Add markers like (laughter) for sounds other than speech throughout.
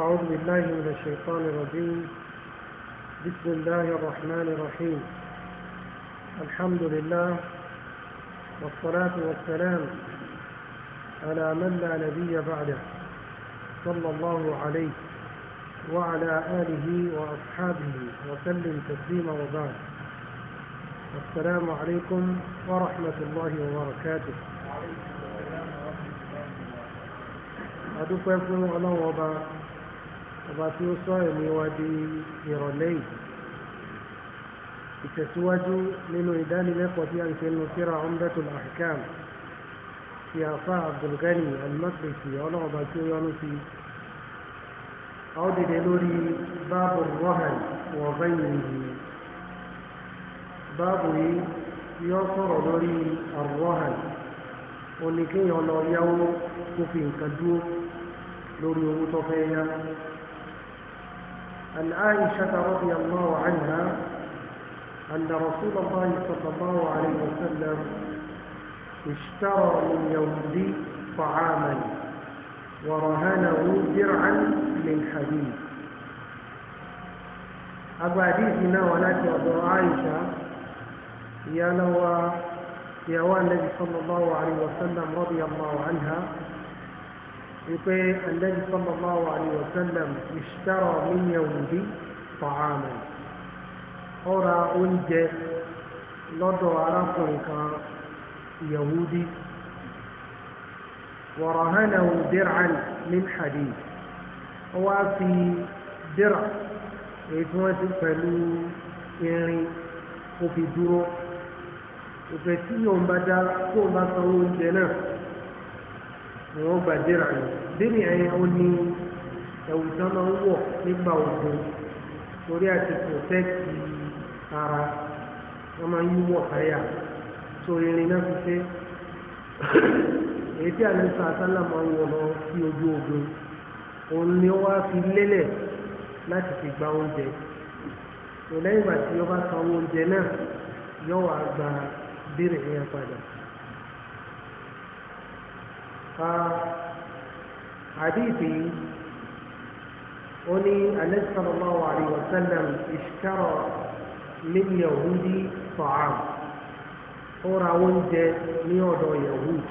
أعوذ بالله من الشيطان الرجيم بسم الله الرحمن الرحيم الحمد لله والصلاة والسلام على من لا نبي بعده صلى الله عليه وعلى آله وأصحابه وسلم تسليما وبعد السلام عليكم ورحمة الله وبركاته أدوكم أنه وبركاته ọba tí ó sọ ẹ̀mí wa di ìrọ̀lẹ́ yìí ìtẹ̀síwájú nínú ìdánilẹ́kọ̀ọ́ tí a ń sẹ́nu síra Umdatul Ahkam ti àfa Abdulgani al-Maqdisi ọlọ́ọ̀ba tí ó yọnu sí a ó lórí báàbù rọ́hàn wọ̀ bẹ́yìn yìí báàbù yìí yọ sọ̀rọ̀ lórí àrọ́hàn oníkéèyàn lọ yáwó kó fi lórí owó tó fẹ́ yá عن عائشة رضي الله عنها أن رسول الله صلى الله عليه وسلم اشترى من يهودي طعاما ورهنه درعا من حديد أبو هنا ولكن أبو عائشة يا نوى يا النبي صلى الله عليه وسلم رضي الله عنها wípé Ànábì sallallahu alayhi wa sallam ishtara min yahudi ta'aman ó ra oúnjẹ lọ́dọ̀ arákùnrin kan yahudi wa rahanahu dir'an min hadid ó wá fi dir'a èyí tí wọ́n ti pẹ̀lú irin ó fi dúró ìfẹ́ tí yóò bá dá tó bá sanwó oúnjẹ náà. ni wọ́n gba dèrà yìí dèrè yẹn ó ní ẹ̀wù tí wọ́n máa ń wọ̀ nípa ògùn torí àti pòtẹ́kì ara wọ́n máa ń yí wọ̀ káyà tó irin náà fi ṣe èyí tí máa ń lọ sí ojú ogun òun ni fi láti fi gba oúnjẹ ìgbà tí bá oúnjẹ náà gba dèrè حديثي أني النبي صلى الله عليه وسلم اشترى من يهودي طعام أورا وندى نيودو يهود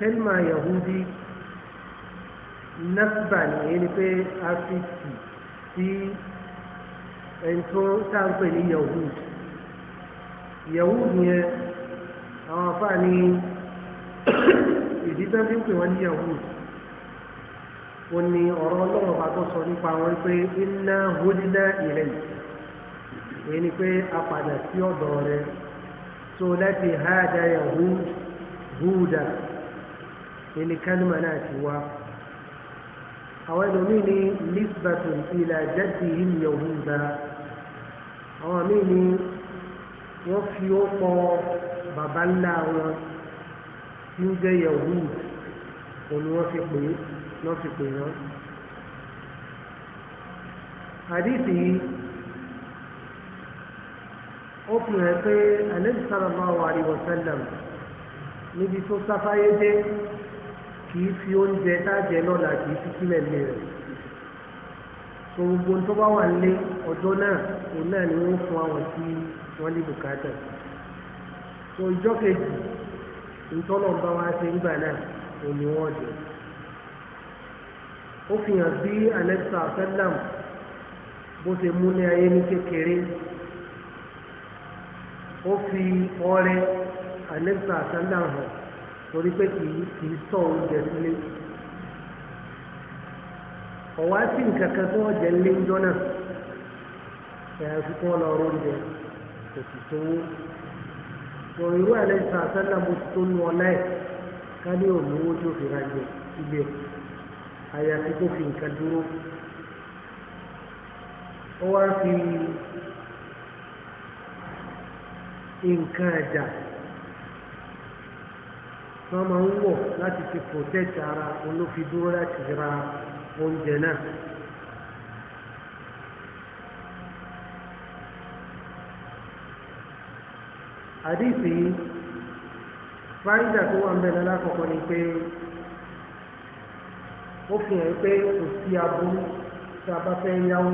كلمة يهودي نسبا يعني في أفريقيا في ẹ̀ntọ́ sáàpẹ̀ ní yahud yahud yẹn àwọn afáàní tán fi ń pè wọ́n ní yahood ó ní ọ̀rọ̀ ọlọ́run ọba tó sọ nípa wọn pé iná hódínà ilẹ̀ yìí èyí ni pé a padà sí ọ̀dọ̀ rẹ tó láti háàdá yahood húdà èyí ni kánìmà náà ti wá àwọn ẹlòmíín ní lisbatun ilà jẹ́sì ìlú yahuda àwọn míín ní wọ́n fi ó pọ̀ bàbá ńlá wọn tí ń jẹ́ yahoo òun ni wọ́n fi pè é wọ́n fi pè wọ́n. àdìsí yìí ó fi hàn pé ànábì sallallahu alaihi wasallam níbi tó sáfáyé dé kì í fi oúnjẹ tájẹ lọ́la kì í fi sílẹ̀ lé rẹ̀ so gbogbo tó bá wà lé ọjọ́ náà òun náà ni wọ́n fún àwọn tí wọ́n ní bùkátà so ìjọ́ kejì ntọ́lọ̀ bá wá ṣe ńgbà náà òní wọ́n jẹ. ó fi hàn bí alexa sallam bó ṣe mú ní ayé ní kékeré ó fi ọrẹ alexa sallam hàn torí pé kì í sọ oúnjẹ sílé ọ̀wá sí nǹkan tó wọ́n jẹ lé ńjọ́ náà ẹ̀ àfikún ọlọ́run jẹ kò sì sówó sọ irú ẹ̀ lẹ́yìn sàṣẹ́lẹ̀ mo ti tó nu ọ̀la ẹ̀ ká ní òmùwó tí ó fi ra jẹ síbẹ̀ àyàfi tó fi nǹkan dúró ó wá fi nǹkan ẹ̀dà tí wọ́n máa ń wọ̀ láti fi protect ara olófin dúró láti ra oúnjẹ náà. àdìsí fáyidà tó wà ń bẹ̀rẹ̀ lákọ̀ọ́kọ́ ni pé ó fi hàn pé kò sí aburú tá a bá fẹ́ yáwó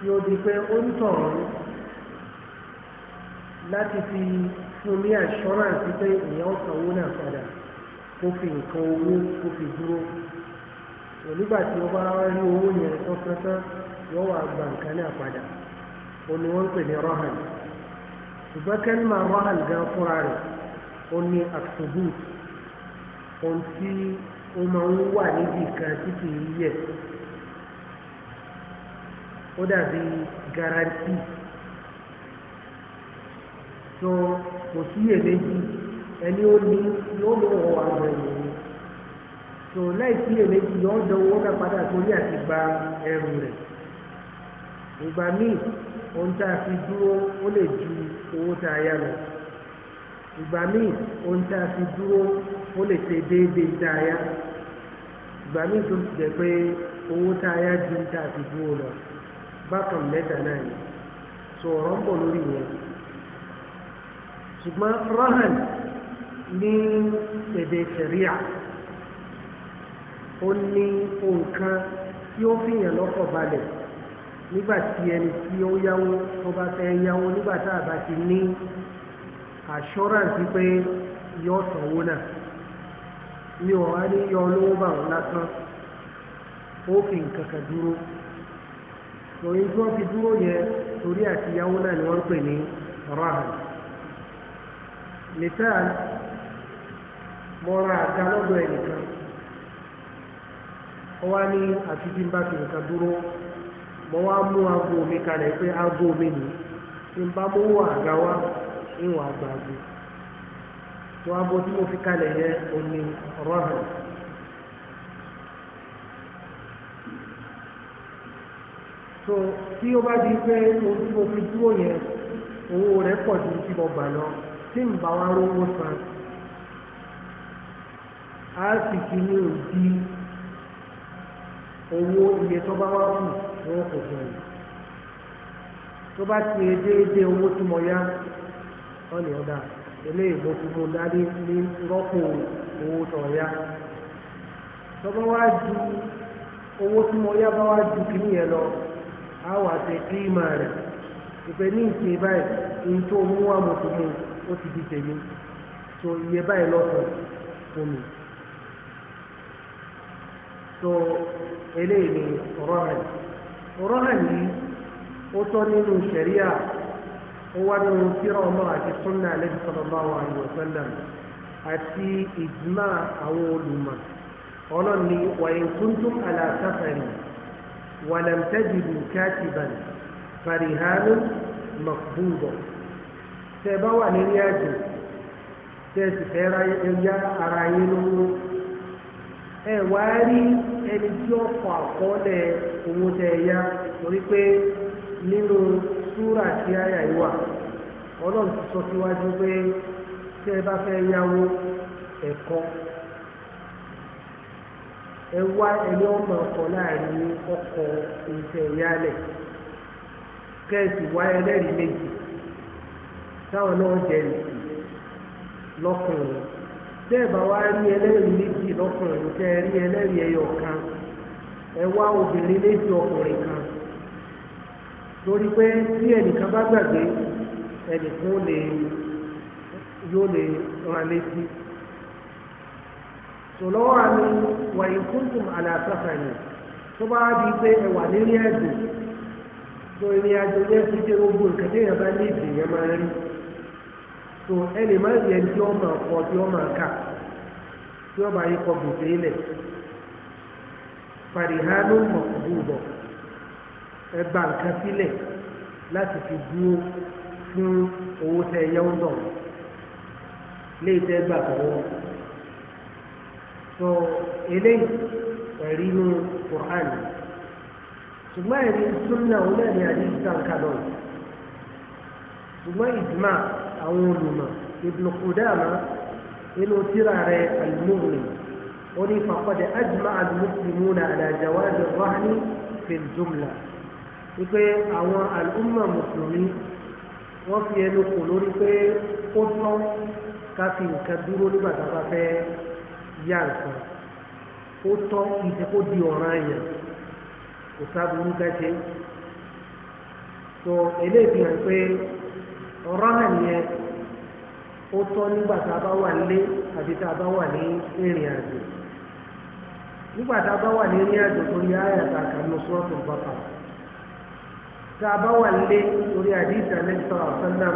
tí ó di pé ó ń tàn án láti fi fún ní assurance pé èèyàn sanwó náà padà kó fi nǹkan owó kó fi dúró onígbà tí wọ́n bá rí owó yẹn tán tán tán yóò wá gba náà padà ó ní wọ́n ń pè ní rọ́hàn ṣùgbọ́n kẹ́lìmà rahal gan fúnra rẹ̀ ó ní àtúbùt ohun tí ó máa ń wà níbi kan tí kì í yẹ̀ ó dàbí garanti tó kò síyèméjì ẹni ó ní yóò lọ wọ àgbẹ̀yìn ni tó láì síyèméjì yóò dán owó náà padà sórí àti gba ẹrù rẹ̀ ìgbà míì ohun tá a fi dúró ó lè ju owó tá a yá lọ ìgbà míì ohun tá a fi dúró ó lè ṣe déédéé tá a yá ìgbà míì tó ti jẹ́ pé owó tá a yá ju tá a fi dúró lọ bákan mẹ́ta náà ni sọ ọ̀rọ̀ ń bọ̀ lórí yẹn ṣùgbọ́n rahan ní èdè sẹ̀ríà ó ní nǹkan tí ó fi yàn lọ́kọ̀ balẹ̀ nígbà tí ẹni tí ó yáwó tó bá fẹ́ yáwó nígbà tá a bá ti ní assurance pé yọ sanwó náà mi ò wá ní yọ olówó bá wọn lásán ó fi nǹkan kan dúró lóyún tí wọ́n fi dúró yẹn torí àti yáwó náà ni wọ́n ń pè ní rahman nìtàn mo àga lọ́dọ̀ ẹnìkan ó wá ní àfi tí n bá fi nǹkan dúró. mo wá mú aago mi kalẹ̀ pé aago mi nì tí n bá mówó àga wá ìwọ̀n àgbàdo tó aago tí mo fi kalẹ̀ so tí o bá di pé ohun tí mo fi dúró yẹn owó rẹ̀ pọ̀ ju lọ tí n san sì ti ní òdi owó iye tó bá wọn kò fún tó bá ti yẹ déédéé owó tí mo yá wọn ni ọ̀dà eléyìí mo ní owó tó wá ju owó bá wá ju kìíní yẹn lọ á wà ṣe rẹ̀ ìpè ní ìṣe báyìí rọ́hàní ó tọ́ nínú ṣẹ̀ríà ó wá nínú tírà ọmọ àti súnà lẹ́yìn sallallahu alaihi wasallam àti ìjìmá àwọn olùmọ̀ ọlọ́ni wa in kuntum ala safari wa lam tajidu katiban bá wà nínú àjò tẹ sì fẹ́ ara yín lówó. ẹ wá rí ẹni tí ó kọ àkọọ́lẹ̀ owó tẹ ẹ torí pé nínú súrà tí àyà yìí wà ọlọ́run ti sọ síwájú pé tẹ́ ẹ bá fẹ́ yáwó ẹ̀kọ́ ẹ wá ẹni ọmọ ọkọ láàrin ọkọ ìfẹ́ ìyálẹ̀ kẹ́ẹ̀sì wá ẹlẹ́rìí méjì táwọn náà jẹ́ lọ́kùnrin. bẹ́ẹ̀bà wá rí ẹlẹ́rìí méjì lọ́kùnrin tẹ́ rí ẹlẹ́rìí ẹyọ kan ẹ wá obìnrin méjì ọkùnrin kan torí pé tí ẹnìkan bá gbàgbé ẹnìkan lè yóò lè rán létí sọlọ́wọ́ àmì wàyí kúntùm tó bá di pé ẹ wà nílé ẹ̀dùn tó ìrìn àjò yẹn ti dé gbogbo nǹkan so ẹnì máa yẹ tí ó máa kọ tí ó máa kà tí ó bá yẹ kọ gbèsè lẹ fàdíhánú mọ̀kúbù ẹ gba nǹkan sílẹ̀ láti fi dúró fún owó tẹ yẹ ń dọ̀ léyìí tẹ gbà tọwọ́ so eléyìí ẹ̀rí inú Qur'an ṣùgbọ́n ẹ̀rí súnmọ́ ọ̀hún náà ni àdéhùn sáǹkà lọ́wọ́ ṣùgbọ́n ìjùmọ̀ àwọn olùmọ̀ Ibn Qudama inú tíra rẹ̀ al-Mughni ó ní faqad ajma'a al-muslimuna ala jawaz ar-rahni fi al-jumla wípé àwọn al-umma mùsùlùmí wọ́n fi ẹnu kò lórí pé ó tọ́ ká nǹkan dúró nígbà tá a bá fẹ́ yá nǹkan ó tọ́ ìṣe kó di ọ̀ràn yẹn kò sábà ń gẹ́ṣe tó eléyìí fi hàn pé rọ́nà yẹn ó tọ́ nígbà tá a bá wà lé àbí tá a bá wà ní ìrìn àjò nígbà tá a bá wà ní ìrìn àjò torí ayàtà kanú sọ́ọ̀tù bàtà tá a bá wà lé torí àdìsí àlẹ́sà ọ̀sánná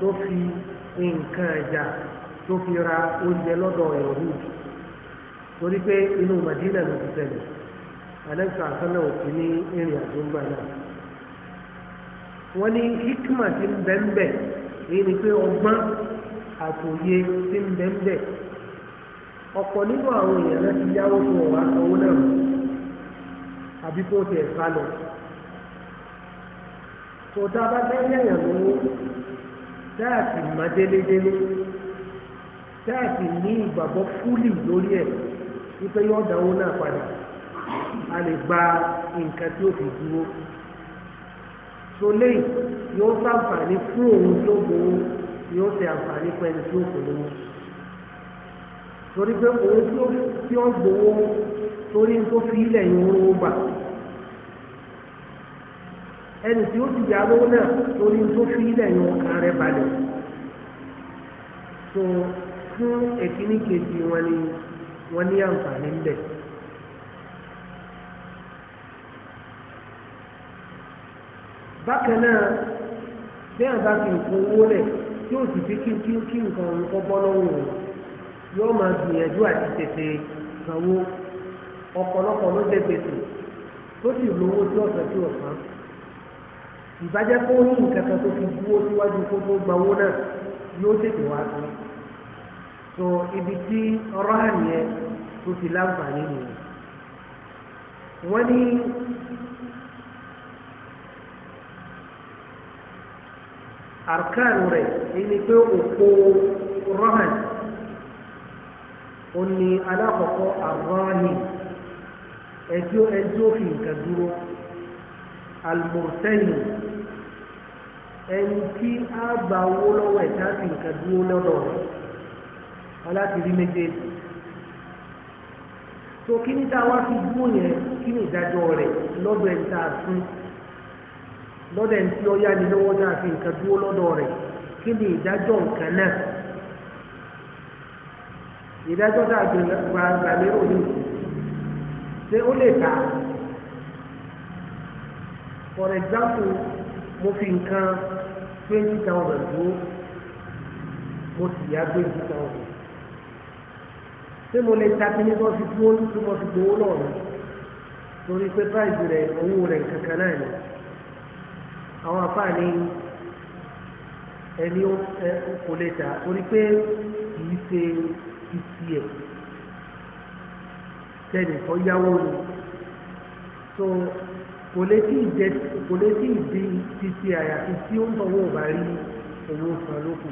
tó fi nǹkan ẹ̀jà tó fi ra oúnjẹ lọ́dọ̀ ẹ̀rú torí pé inú Madina ló ti tẹ̀lé àlẹ́sà ọ̀sánná ò sí ní ìrìn àjò ńgbà náà wọ́n ní hikma ti ń bẹ́ẹ̀ bẹ́ẹ̀ èyí ni pé ọgbọ́n àtòye ti ń bẹ́ ń bẹ̀ ọ̀pọ̀ nínú àwọn èèyàn náà ti yáwó fún ọ̀rọ̀ àsanwó náà àbí kó tiẹ̀ sá lọ tó tá a bá fẹ́ yẹ̀yàn lówó táàtì má délédélé táàtì ní ìgbàgbọ́ fúlì lórí ẹ̀ wípé yọ̀ọ́ dáwó náà padà a lè gba nǹkan tí ó fi dúró so lẹ́yìn yóò ṣàǹfààní fún òun tó gbowó yóò ṣe àǹfààní pẹ̀lú tí ó kò lówó torí pé òun tí ó gbowó torí tó fi ilẹ̀ yìí ń rówó gbà ẹni tí ó ti yà lówó náà torí tó fi ilẹ̀ yìí ọkàn rẹ̀ balẹ̀ so fún èkíní kejì wọn ni wọn ní àǹfààní ń bẹ̀. bákan náà bí àwọn bá fi nǹkan owó lẹ̀ tí ó sì fi kí kí kí nǹkan òun kọ́ bọ́ lọ́wọ́ rẹ̀ yóò máa gbìyànjú àti tètè sanwó ọ̀pọ̀lọpọ̀ ló dé gbèsè tó sì lówó tí ọ̀sán tí ọ̀sán ìbájẹ́ kó ní nǹkan kan tó fi dúró síwájú kó tó gba owó náà yóò tètè wá sí so ibi tí ọ̀rọ̀ àníyẹ tó ti láǹfààní nìyẹn wọ́n ní. àrkánu rẹ̀ ẹni pé òpó rọ́hàn ó ní alákọ̀ọ́kọ́ àrọ́hìn ẹjọ́ ẹjọ́ fi nǹkan dúró almùsẹ́yìn ẹni tí a gbà owó lọ́wọ́ ẹ̀ta fi nǹkan dúró lọ́dọ̀ rẹ̀ aláti rí méjèèjì tó kí ní táwa fi dúró kí ní ìdájọ́ rẹ̀ lọ́dọ̀ ẹ̀ta fún un lọ́dẹ̀ tí ó yá ni lọ́wọ́ náà fi nǹkan dúró lọ́dọ̀ rẹ̀ kí ni ìdájọ́ nǹkan náà ìdájọ́ tá a gbà gbà lérò ní ṣé ó lè ta for example mo fi nǹkan twenty thousand dúró mo sì yá twenty thousand ṣé mo lè ta kí ni bọ́ fi dúró tí mo fi gbowó lọ́rùn torí pé price rẹ̀ owó rẹ̀ kankan náà ni àwọn afáàní ẹni kò lè tà torí pé kìí ṣe ìtì ẹ̀ tẹnì kan yáwó ni so kò lè tí ì di títí àyàfi tí ó ń tọwọ́ bá rí owó san lókù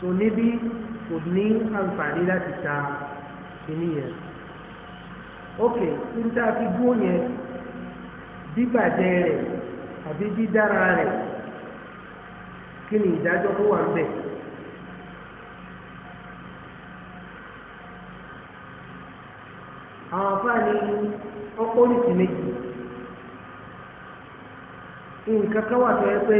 so níbí kò ní àǹfààní láti ta kìíní yẹn ok níta fi dúró yẹn bíbàjẹ́ rẹ̀ àbí dídára rẹ̀ kí ni ìdájọ́ tó wà ń bẹ̀. àwọn afáàní ọ̀pọ̀ oríṣi méjì nǹkan kan wà tó yẹ pé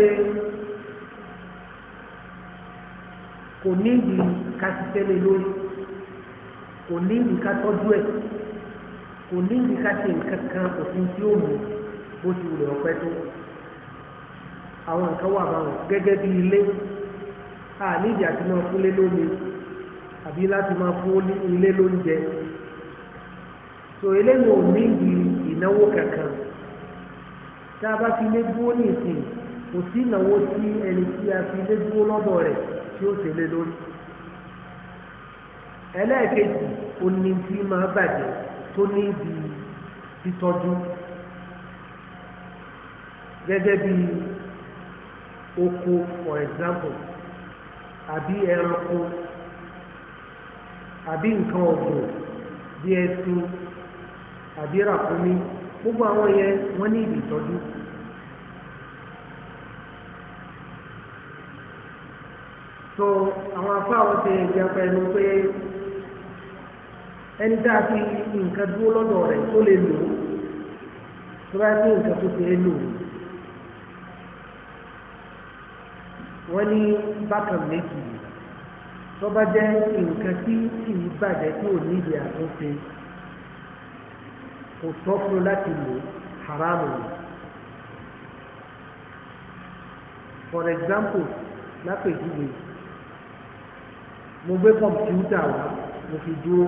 kò ní ìdí ká ti tẹ́lẹ̀ lórí kò ní ìdí ká tọ́jú ẹ̀ kò ní ìdí ká ṣe nǹkan kan kò tí ó mú bó ti wùlẹ̀ ọ̀pẹ́ tó àwọn nǹkan wà báwọn gẹ́gẹ́ bí ilé a nídìí àti máa fúnlé lómi àbí láti máa fún ilé lóúnjẹ so eléyìí ò nídìí ìnáwó kankan tá a bá fi lé dúró ní ìsìn kò sí ìnáwó tí ẹni tí a fi lé dúró lọ́dọ̀ rẹ̀ tí ó ṣe lórí ẹlẹ́ẹ̀kejì oní tí máa bàjẹ́ tó ní ibi títọ́jú gẹ́gẹ́ bíi oko for example àbí ẹranko àbí nǹkan ọ̀gbìn bí ẹṣin àbí ràkúnmí gbogbo àwọn yẹn wọ́n ní ìdí ìtọ́jú. so àwọn afáwọn ti ìjàpá ẹnu pé ẹni tá a fi nǹkan dúró lọ́dọ̀ rẹ̀ tó lè lò tó bá ní nǹkan tó ti lè lò. wọ́n ní bákan méjì tó bá jẹ́ nǹkan tí kì í bàjẹ́ tí ò nídìí àtúnṣe kò tọ́ fún láti lò haramu ni for example lápèjúwe mo gbé kọ̀mpútà wá mo fi dúró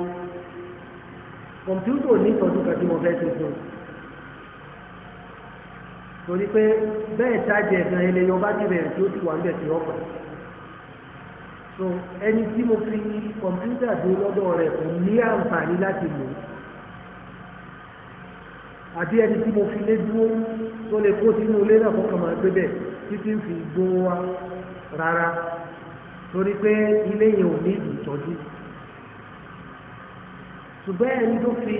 kọ̀mpútà ò ní ìtọ́jú kan tí mo fẹ́ tuntun torí pé bẹ́ẹ̀ tájì ẹ̀sán ilé yorùbá ti bẹ̀rẹ̀ tí ó ti wà ń bẹ̀ tí ó pẹ̀ so ẹni tí mo fi kọ̀mpútà dúró lọ́dọ̀ rẹ̀ kò ní àǹfààní láti lò àti ẹni tí mo fi lé dúró tó lè kó sínú ilé náà kọ́kàn máa gbé bẹ̀ títí ń fi gbówó wá rárá torí pé ilé yẹn ò ní ìtọ́jú ṣùgbọ́n ẹni tó fi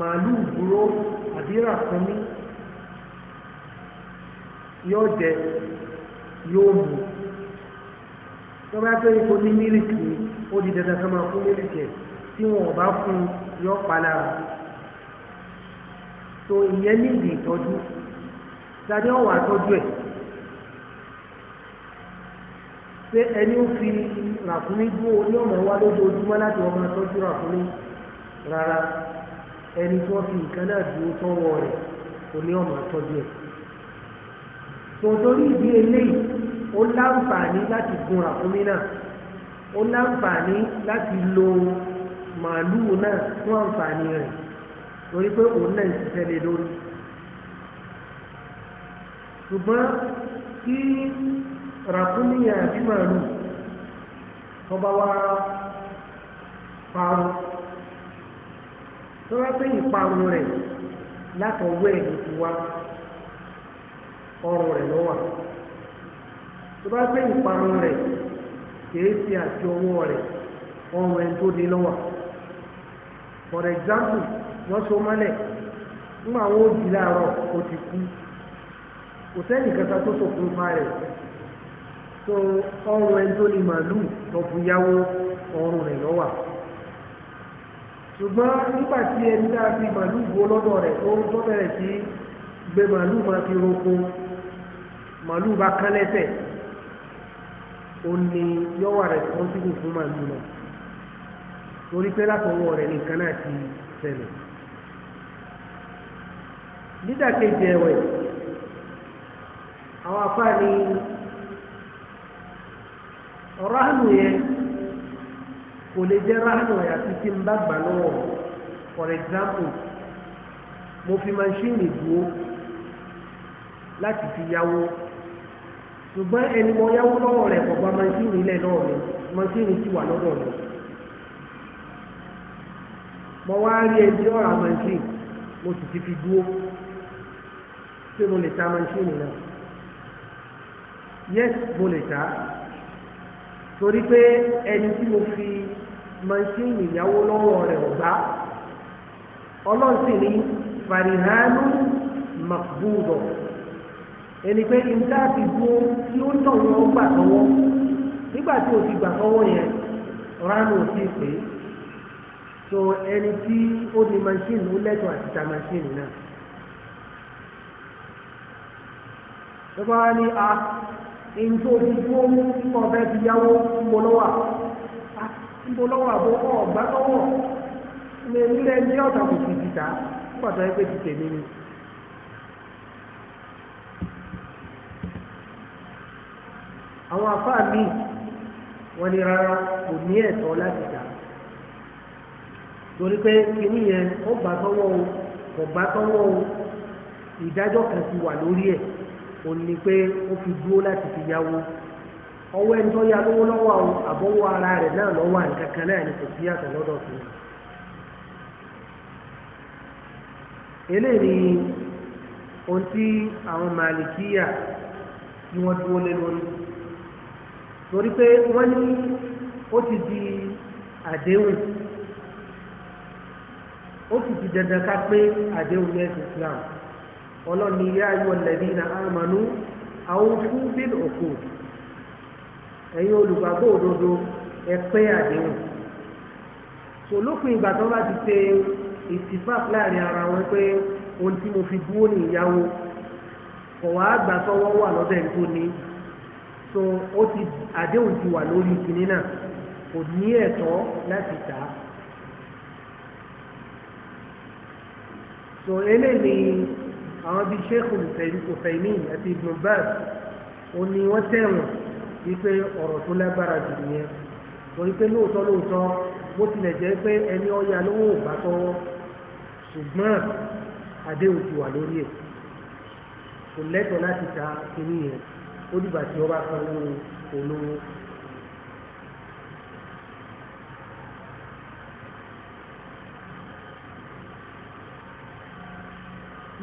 màálù dúró àbí ràkúnmí yóò jẹ yóò mu tó bá tó yẹ kó ní mílíkì ó di dandan ká máa fún mílíkì ẹ tí wọn ò bá fún yọ palára tó ìyẹn nídìí ìtọ́jú tàbí ọ̀wà tọ́jú ẹ̀ pé ẹni ó fi ràkúnmí dúró ní ọ̀nà wa lójoojúmọ́ láti ọmọ tọ́jú ràkúnmí rárá ẹni tó fi nǹkan náà dúró tọ́wọ́ rẹ̀ kò ní ọmọ tọ́jú ẹ̀ tòótórí ìdí eléyìí ó láǹfààní láti gun ràkúnmí náà ó láǹfààní láti lo màálùú náà fún àǹfààní rẹ̀ torí pé òun náà ń ṣiṣẹ́ lé lórí ṣùgbọ́n tí ràkúnmí àti màálùú tó bá wá parun tó bá pé ìparun rẹ̀ látọ̀wọ́ ẹ̀ ló ti wá. Ọrụ rẹ n'ụwa. tó bá pé rẹ rẹ̀ kìí ṣe àti ọwọ́ rẹ̀ ọrùn ẹni tó ní lọ́wọ́ for example wọ́n so mọ́lẹ̀ nígbà wọn ó di láàárọ̀ ó ti kú kò so ọrùn ẹni tó ní màlúù lọ́kùn yáwó ọrùn rẹ̀ ṣùgbọ́n nígbà tí ẹni màálù bá kán lẹ́sẹ̀ ó ní yọ́wà responsible fún màálù náà torí pé látọwọ́ rẹ̀ nìkan náà ti ṣẹlẹ̀ dídàkejì ẹ̀wẹ̀ àwọn afáàní ọ̀rọ̀ àánú yẹn kò lè jẹ́ ráhánù àti tí ń bá gbà lọ́wọ́ for example mo fi maṣíìnì dúró láti fi yáwó ṣùgbọ́n ẹni mo yáwó lọ́wọ́ rẹ̀ kò gba mọ́ṣíìnì ilẹ̀ náà mi mọ́ṣíìnì ti wà lọ́dọ̀ mi mo wá rí ẹbí ọ̀rà mọ́ṣíìnì mo sì ti fi dúró ṣé mo lè ta mọ́ṣíìnì náà yes mo lè ta torí pé ẹni tí mo fi mọ́ṣíìnì yáwó lọ́wọ́ rẹ̀ ọ̀gbá ọlọ́sìn ní farihanu makbudo ẹni pé nǹkan àti gbó tí ó tọ̀ wọ́n gbà tọwọ́ nígbà tí o ti gbà tọwọ́ yẹn ránù ò sí pé so ẹni tí ó ní machine ó lẹ́tọ̀ àti ta machine náà lọ́pọ̀ wá ní a èyí tó ti gbó nípa ọ̀fẹ́ ti yáwó ńbọ lọ́wọ́ ńbọ lọ́wọ́ àbọ̀ ọ̀gbá lọ́wọ́ ilé ilé ẹni ọ̀tà kò sì ti ta nígbà tó yẹ pé ti tèmi ni. àwọn àfáà míì wọ́n ní rárá kò ní ẹ̀tọ́ láti dà torí pé kìíní yẹn ó gbà tọ́wọ́ o kò gbà tọ́wọ́ o ìdájọ́ kan ti wà lórí ẹ̀ ò ní pé ó fi dúró láti fi yáwó ọwọ́ ẹni tó ya lówó lọ́wọ́ àwọn ara rẹ̀ náà lọ́wọ́ àǹkankan náà ni kò sí yàtọ̀ lọ́dọ̀ fún un. eléyìí ohun tí àwọn màlìkíyà tí wọ́n dúró lé lórí torí pé wọ́n ní ó ti di àdéhùn ó ti di dandan ká pé àdéhùn yẹn ti Islam ọlọ́ni yá ayọ̀ lẹ́bí na àmàlú àwọn fún bíl òkú ẹ̀yin olùgbàgbọ́ òdodo ẹ pé àdéhùn olópin ìgbà tó bá ti ṣe ìtìfáàf láàrin ara wọn pé ohun tí mo fi dúró ní ìyàwó kọ̀wá àgbà sọ́wọ́ wà lọ́dọ̀ ẹni tó ní so ó ti àdéhùn ti wà lórí kinní náà kò ní ẹ̀tọ́ láti tà á so eléyìí àwọn bíi sheikh olùfẹ̀mí àti ibn baz ó ní wọ́n tẹ̀wọ̀n wípé ọ̀rọ̀ tó lágbára jù nìyẹn torí pé lóòótọ́ lóòótọ́ bó tilẹ̀ jẹ́ pé ẹni ọ̀ya lówó ò bá tọ́wọ́ ṣùgbọ́n àdéhùn ti wà lórí ẹ̀ kò lẹ́tọ̀ọ́ láti ta kinní yẹn ó dìgbà tí ọba san owó olówó.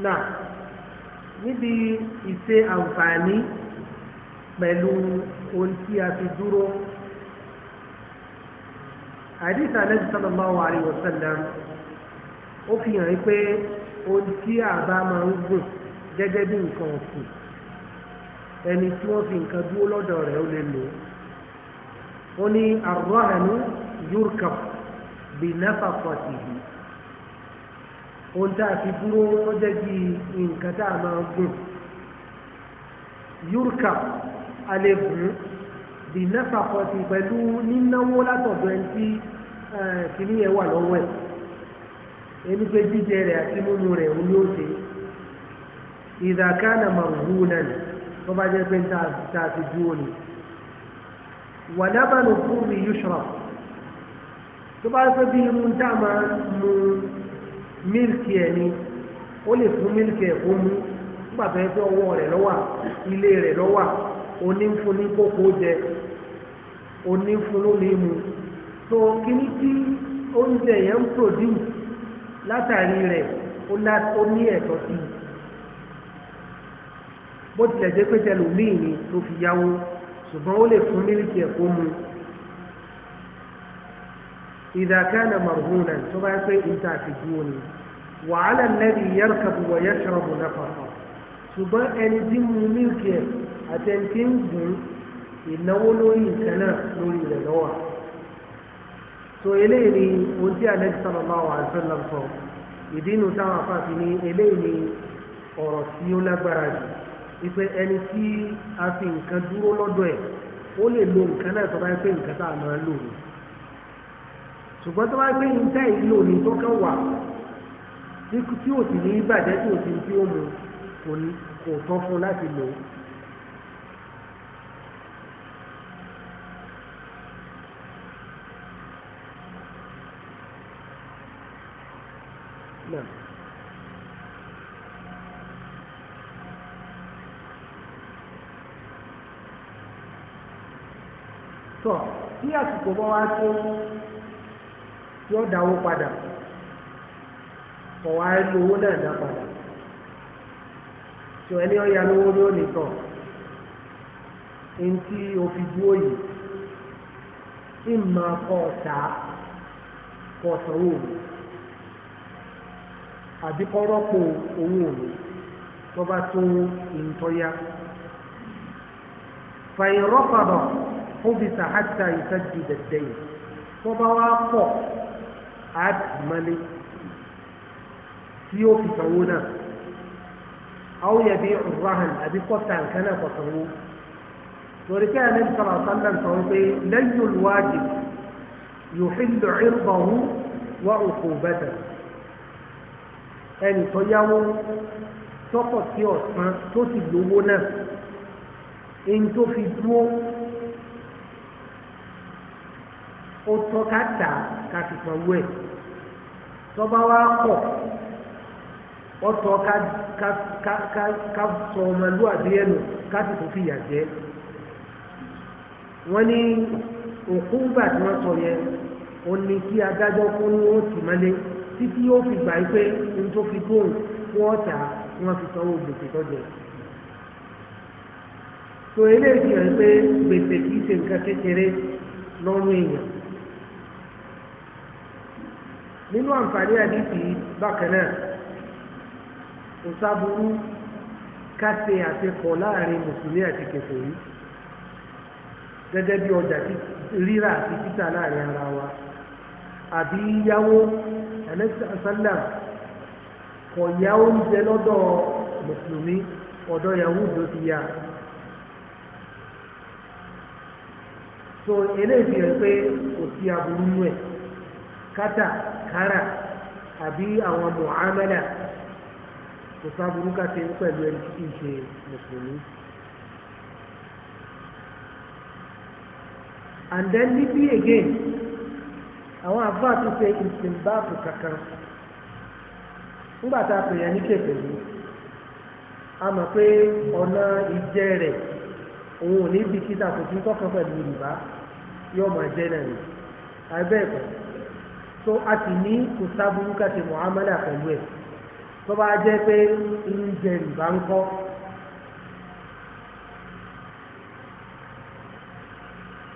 nà níbi ìṣe àǹfààní pẹ̀lú ohun tí a fi dúró àdìsá Ànábì sallallahu alaihi wasallam ó fi hàn pé ohun tí a bá máa ń gùn gẹ́gẹ́ bí nǹkan ọ̀sìn ẹni tí wọ́n fi nǹkan dúró lọ́dọ̀ rẹ̀ ó lè lò ó ní arọ́hẹ̀nú yurkab bí náfà pọ̀tì yìí ohun tá a fi dúró ó jẹ́ bí nǹkan tá a máa gùn yurkab a lè gùn bí náfà pọ̀tì pẹ̀lú nínáwó látọ̀dọ̀ ẹni tí kìíní yẹn wà lọ́wọ́ ẹ̀ ẹni pé jíjẹ rẹ̀ àti mímu rẹ̀ ó ní ó ṣe ìdàkánà màrúhùn náà tó bá jẹ́ pé tá a ti dúró ni wà lábàánù fún mi yusra tó bá pẹ́ bí irun tá a máa mu mílìkì ẹ̀ ni ó lè fún mílìkì ẹ̀ kó mú nígbà tó ọwọ́ rẹ̀ lọ́wà ilé rẹ̀ lọ́wà onífunni kókó jẹ onífunni lè mu tó kíní tí oúnjẹ yẹn ń produce látàrí rẹ̀ ó ní ẹ̀tọ́ sí i bó tilẹ̀ jẹ́ pé tẹlòmíì ni tó fi yáwó ṣùgbọ́n ó lè fún mílíkì ẹ̀kọ́ mu ìdàkánà marhuna tó bá pé ìta àfijúwò ni wàhálà lẹ́bi yẹ́rkàbù wà yẹ́sọ̀rọ̀bù náfàfà ṣùgbọ́n ẹni tí mu mílíkì ẹ̀ àtẹ̀ǹtì ń gùn ìnáwó lórí nǹkan lórí rẹ̀ lọ́wọ́ so eléyìí ni ohun tí àlẹ́bí sallallahu alaihi wasallam sọ ìdí inú táwọn afáàfin ni eléyìí ni ọ̀rọ̀ tí ó lágbára jù ipe ẹni tí a fi nǹkan dúró lọ́dọ̀ ẹ̀ ó lè lo nǹkan náà tó bá yẹ pé nǹkan tá a máa lò ní ṣùgbọ́n tó bá yẹ pé nǹkan yìí lò ní tó kàn wà tí ò sì ní bàjẹ́ tí ò sì ní tí ó mu kò tọ́ fún láti lò ó. Yeah. tí àsìkò bọ́ wá tó tí ó dáwó padà kọ̀ wá lo owó náà dá padà tí ẹni ọ̀ya lówó ló nìkan ntí òfin dúró yìí ìmọ̀ kọ̀ ọ̀tá kọ̀ sanwó mi àbí kọ́ rọ́pò owó mi tó bá tó ìntọ́yá fàyìn rọ́pàdọ̀. حبس حتى يسدد الدين فبواقع عد ملك سيو في فونا أو يبيع الرهن أبي قطع كان فصلوا ورجاء النبي صلى الله عليه وسلم لي الواجب يحل عرضه وعقوبته أن تيام yáwó tọkọ tí ọ̀sán إن sì ó tọ́ ká tà ká fi san owó ẹ̀ tọ́ba wa kọ̀ ó tọ́ ká ká ká ká sọ ọmọlúwàbí ẹ̀ nù ká sì tún fìyà jẹ wọ́n ní òkú gbà tí wọ́n sọ yẹn ó ní kí adájọ́ fún ní ó tì mọ́lé títí ó fi gbà pé n tó fi gbóhùn fún ọ̀tá wọn fi sanwó gbèsè tọ́jọ́ tó eléyìí rẹ̀ pé gbèsè kìí ṣe nǹkan kékeré lọ́rùn èèyàn nínú àǹfààní àdìsí bákan náà kò sábúrú ká ṣe àṣepọ̀ láàrin mùsùlùmí àti kèfèrí gẹ́gẹ́ bí ọjà rírà àti títà láàrin ara wa àbí yáwó ẹ̀lẹ́sàlá kò yá oúnjẹ lọ́dọ̀ mùsùlùmí ọ̀dọ̀ Yahudi ló ti yá so eléyìí fi hàn pé kò sí aburú nù ẹ̀ kátà kátàkárà àbí àwọn muamala kò sábúrú ká ṣe pẹ̀lú ẹni tí kìí ṣe mùsùlùmí. and then níbí again àwọn àfáà tún ṣe ìsìnbáàfù kankan nígbà tá a pè yẹn ní kèfèrí a mọ̀ pé ọ̀nà ìjẹ́ rẹ̀ òun ò ní bìkítà kò tún kọ́kàn pẹ̀lú Yorùbá yóò máa jẹ́ náà ni àbẹ́ẹ̀kọ́ so a sì ní kò sábúrú ká ṣe muamala pẹ̀lú ẹ̀ tó bá jẹ́ pé ń jẹ rìbá ń kọ́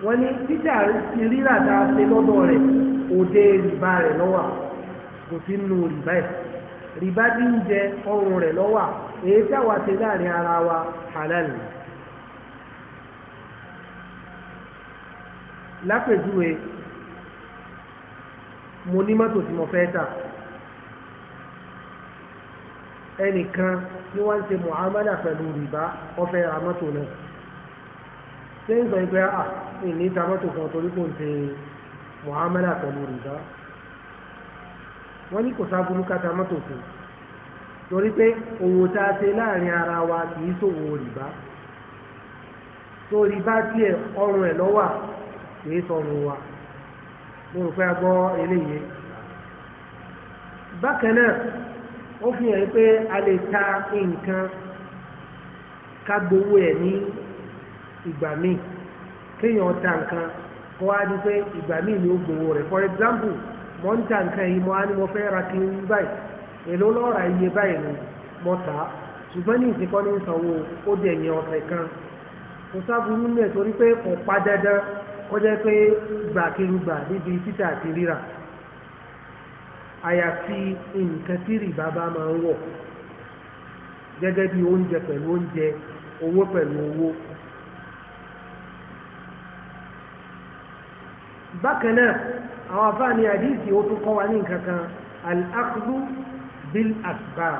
wọ́n ní títà rírà tá a ṣe lọ́dọ̀ rẹ̀ òde rìbá rẹ̀ lọ́wọ́ kò sí nù rìbá ẹ̀ rìbá tí ń jẹ ọrùn rẹ̀ lọ́wọ́ èyí táwa ṣe láàrin ara wa halal lápèjúwe. mo ní mọ́tò tí mo fẹ́ tà ẹnìkan ni wọ́n ń ṣe muhammadu pẹ̀lú rìbá ọ̀fẹ́ ra mọ́tò náà ṣé ń sọ pé à ah, ìní ta mọ́tò kan torí kò ń ṣe muhammadu pẹ̀lú rìbá wọ́n ní kò sábúrú ká ta mọ́tò fún torí pé owó tá a ṣe láàrin ara wa kì í ṣòwò rìbá tó rìbá tiẹ̀ ọrùn ẹ̀ lọ́wà kì í sọrùn wa. mo rò pé a gbọ́ eléyìí bákan náà ó fi hàn pé a lè ta nǹkan ká gbowó ẹ̀ ní ìgbà míì kéèyàn ta nǹkan kó ni ó gbowó rẹ̀ for example mo ń ta nǹkan yìí mo á ní mo fẹ́ ra kí n báyìí èló lọ́ọ́ iye báyìí ni mo tà á ṣùgbọ́n ní ìsìnkọ́ ní ó kó jẹ́ pé gbàkirùgbà níbi títà àti rírà àyàfi nǹkan tí rìbá bá máa ń wọ̀ gẹ́gẹ́ bí oúnjẹ pẹ̀lú oúnjẹ owó pẹ̀lú owó. bákan náà àwọn afáàní àdíìsì ó tún kọ́ wa ní nǹkan kan al-akhdhu bil asbab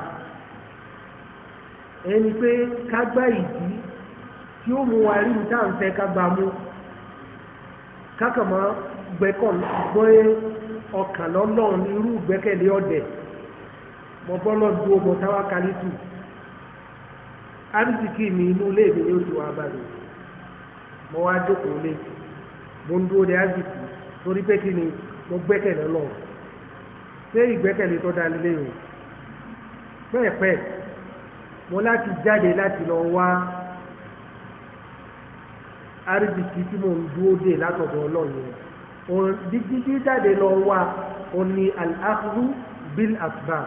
ẹni pé ká ìdí tí ó mú wa rí nǹkan fẹ́ ká gbá mú kákàmọ́ gbẹ́kàn gbé ọkàn lọ́lọ́run irú gbẹ́kẹ̀lé ọ̀dẹ̀ mo gbọ́ lọ du ọmọ táwa kálítù ábísìkì mi inú ilé mi yóò tó abalẹ̀ mo wá jókòó lé mo ń dúró de ábísìkì torí pé kí ni mo gbẹ́kẹ̀lé lọ́wọ́ ṣé ìgbẹ́kẹ̀lé tó dá lílé o pẹ́ẹ̀pẹ́ẹ̀ mo láti jáde láti lọ wá àríjìkì tí mò ń dúró dè látọ̀dọ̀ ọlọ́run yẹn dídí jáde lọ wá òun ni al-akhdhu bil asbab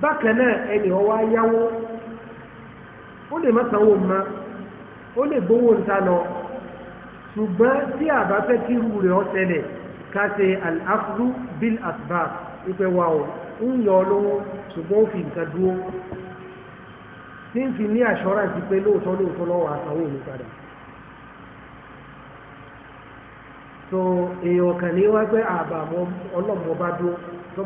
bákan náà ẹnì ọwọ́ ayáwó ó lè má sanwó mọ́ ó lè gbowó níta lọ ṣùgbọ́n tí àbá fẹ́ kí irú rẹ̀ ó ṣẹlẹ̀ ká ṣe al-akhdhu bil ìpè wa ò ń yọ ọ lówó ṣùgbọ́n ó fi nǹkan dúró tí ń fi ní assurance pé lóòótọ́ lóòótọ́ lọ́wọ́ àsanwó mi so èèyàn kàn ní wá pé àbà ọlọ́mọ bá dó tó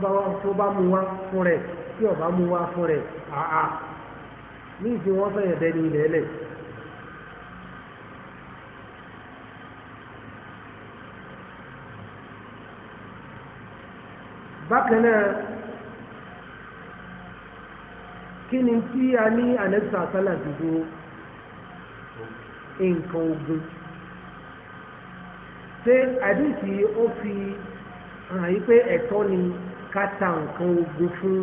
bá mú wá fún rẹ̀ tí ọba mú wá fún rẹ̀ àà ní ìsìn wọn fẹ̀yẹ̀ dẹni ilẹ̀ ẹlẹ̀. bákan náà kí ni tí a ní àlẹ́sà sálà dúdú nǹkan ogun ṣé àdìsí ó fi hàn yí pé ẹ̀tọ́ ni ká ta nǹkan ogun fún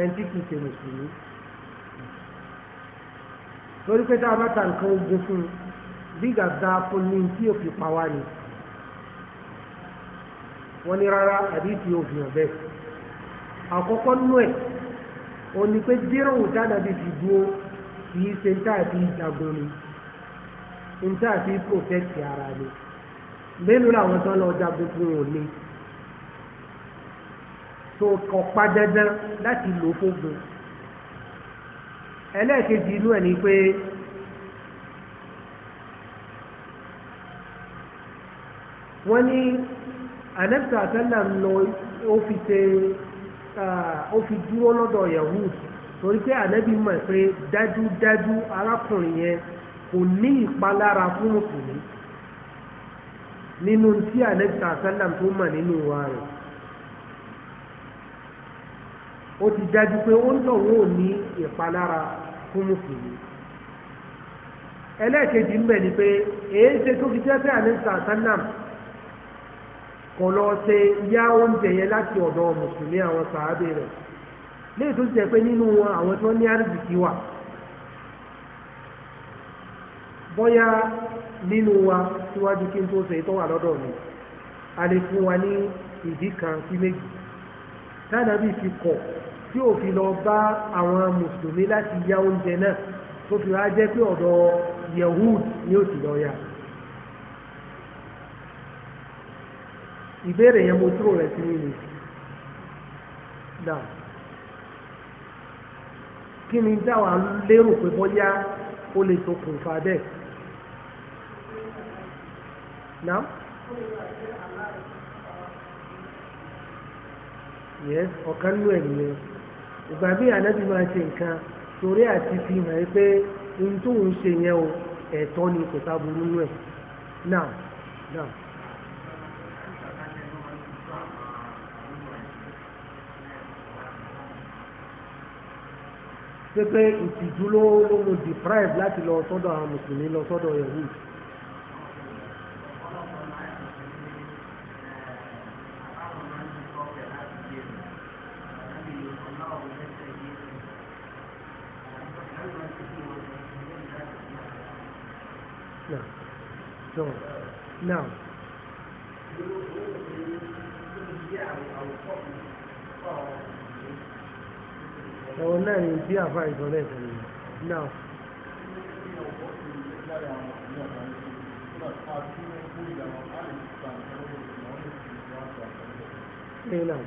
ẹni tí kì í ṣe mùsùlùmí torí pé tá a bá ta nǹkan ogun fún un bí gàdá fún ní tí yóò fi pa wá ni wọ́n ní rárá àdìsí yóò fi hàn bẹ́ẹ̀ àkọ́kọ́ nú ẹ̀ òní pé díròwò dáadáa ti fi dúró kì í ṣe ń tà àti ìjagun níta àti protect ara ni mélòó làwọn tán lọ jagun fún wọn ni tó ọ̀pá dandan láti lò fógun ẹlẹ́ẹ̀kejì inú ẹ̀ ni pé wọ́n ní anẹ́tà àtẹ́là ń lọ ó fi ṣe ó fi dúró lọ́dọ̀ yahoo torí pé ànábì mọ̀ pé dájúdájú arákùnrin yẹn kò ní ìpalára fún mùsùlùmí nínú tí àlẹ́bíta sálàm tó mọ̀ nínú wa rẹ̀ ó ti dájú pé ó ń tọ̀ wọ́n ò ní ìpalára fún mùsùlùmí ẹlẹ́ẹ̀kejì ń bẹ̀ ni pé èyí ṣe tó fi jẹ́ pé àlẹ́bíta sálàm kò lọ ṣe yá oúnjẹ yẹn láti ọ̀dọ̀ mùsùlùmí àwọn sàábẹ̀ rẹ̀ léètò jẹ́ pé nínú àwọn tí wọ́n ní àrùbìkì wà bóyá nínú wa síwájú kí n tó ṣe tó wà lọ́dọ̀ mi a lè fún wa ní ìdí kan sí méjì tánàbí fi kọ̀ tí ò fi lọ bá àwọn mùsùlùmí láti ya oúnjẹ náà tó fi wá jẹ́ pé ọ̀dọ̀ yehud ni ó ti lọ yà. ìbéèrè yẹn mo túrò rẹ̀ sí nínú náà kí ni dáwà lérò pé bóyá ó lè ṣokùnfà bẹ́ẹ̀ now yes ọ̀kan nú ẹ̀mí yẹn ìgbà bí ànábì máa ṣe nǹkan torí àti fi hàn pé ohun tó ń ṣe yẹn o ẹ̀tọ́ ni kò sáburú nú ẹ̀ now now. pépé ìtìjú ló ló mo deprive láti lọ sọ́dọ̀ àwọn mùsùlùmí lọ sọ́dọ̀ yahoo. نعم ẹ̀wọ̀n náà ni bí àfa ìsọ̀rọ̀ ẹ̀sẹ̀ ni náà. Ìlànà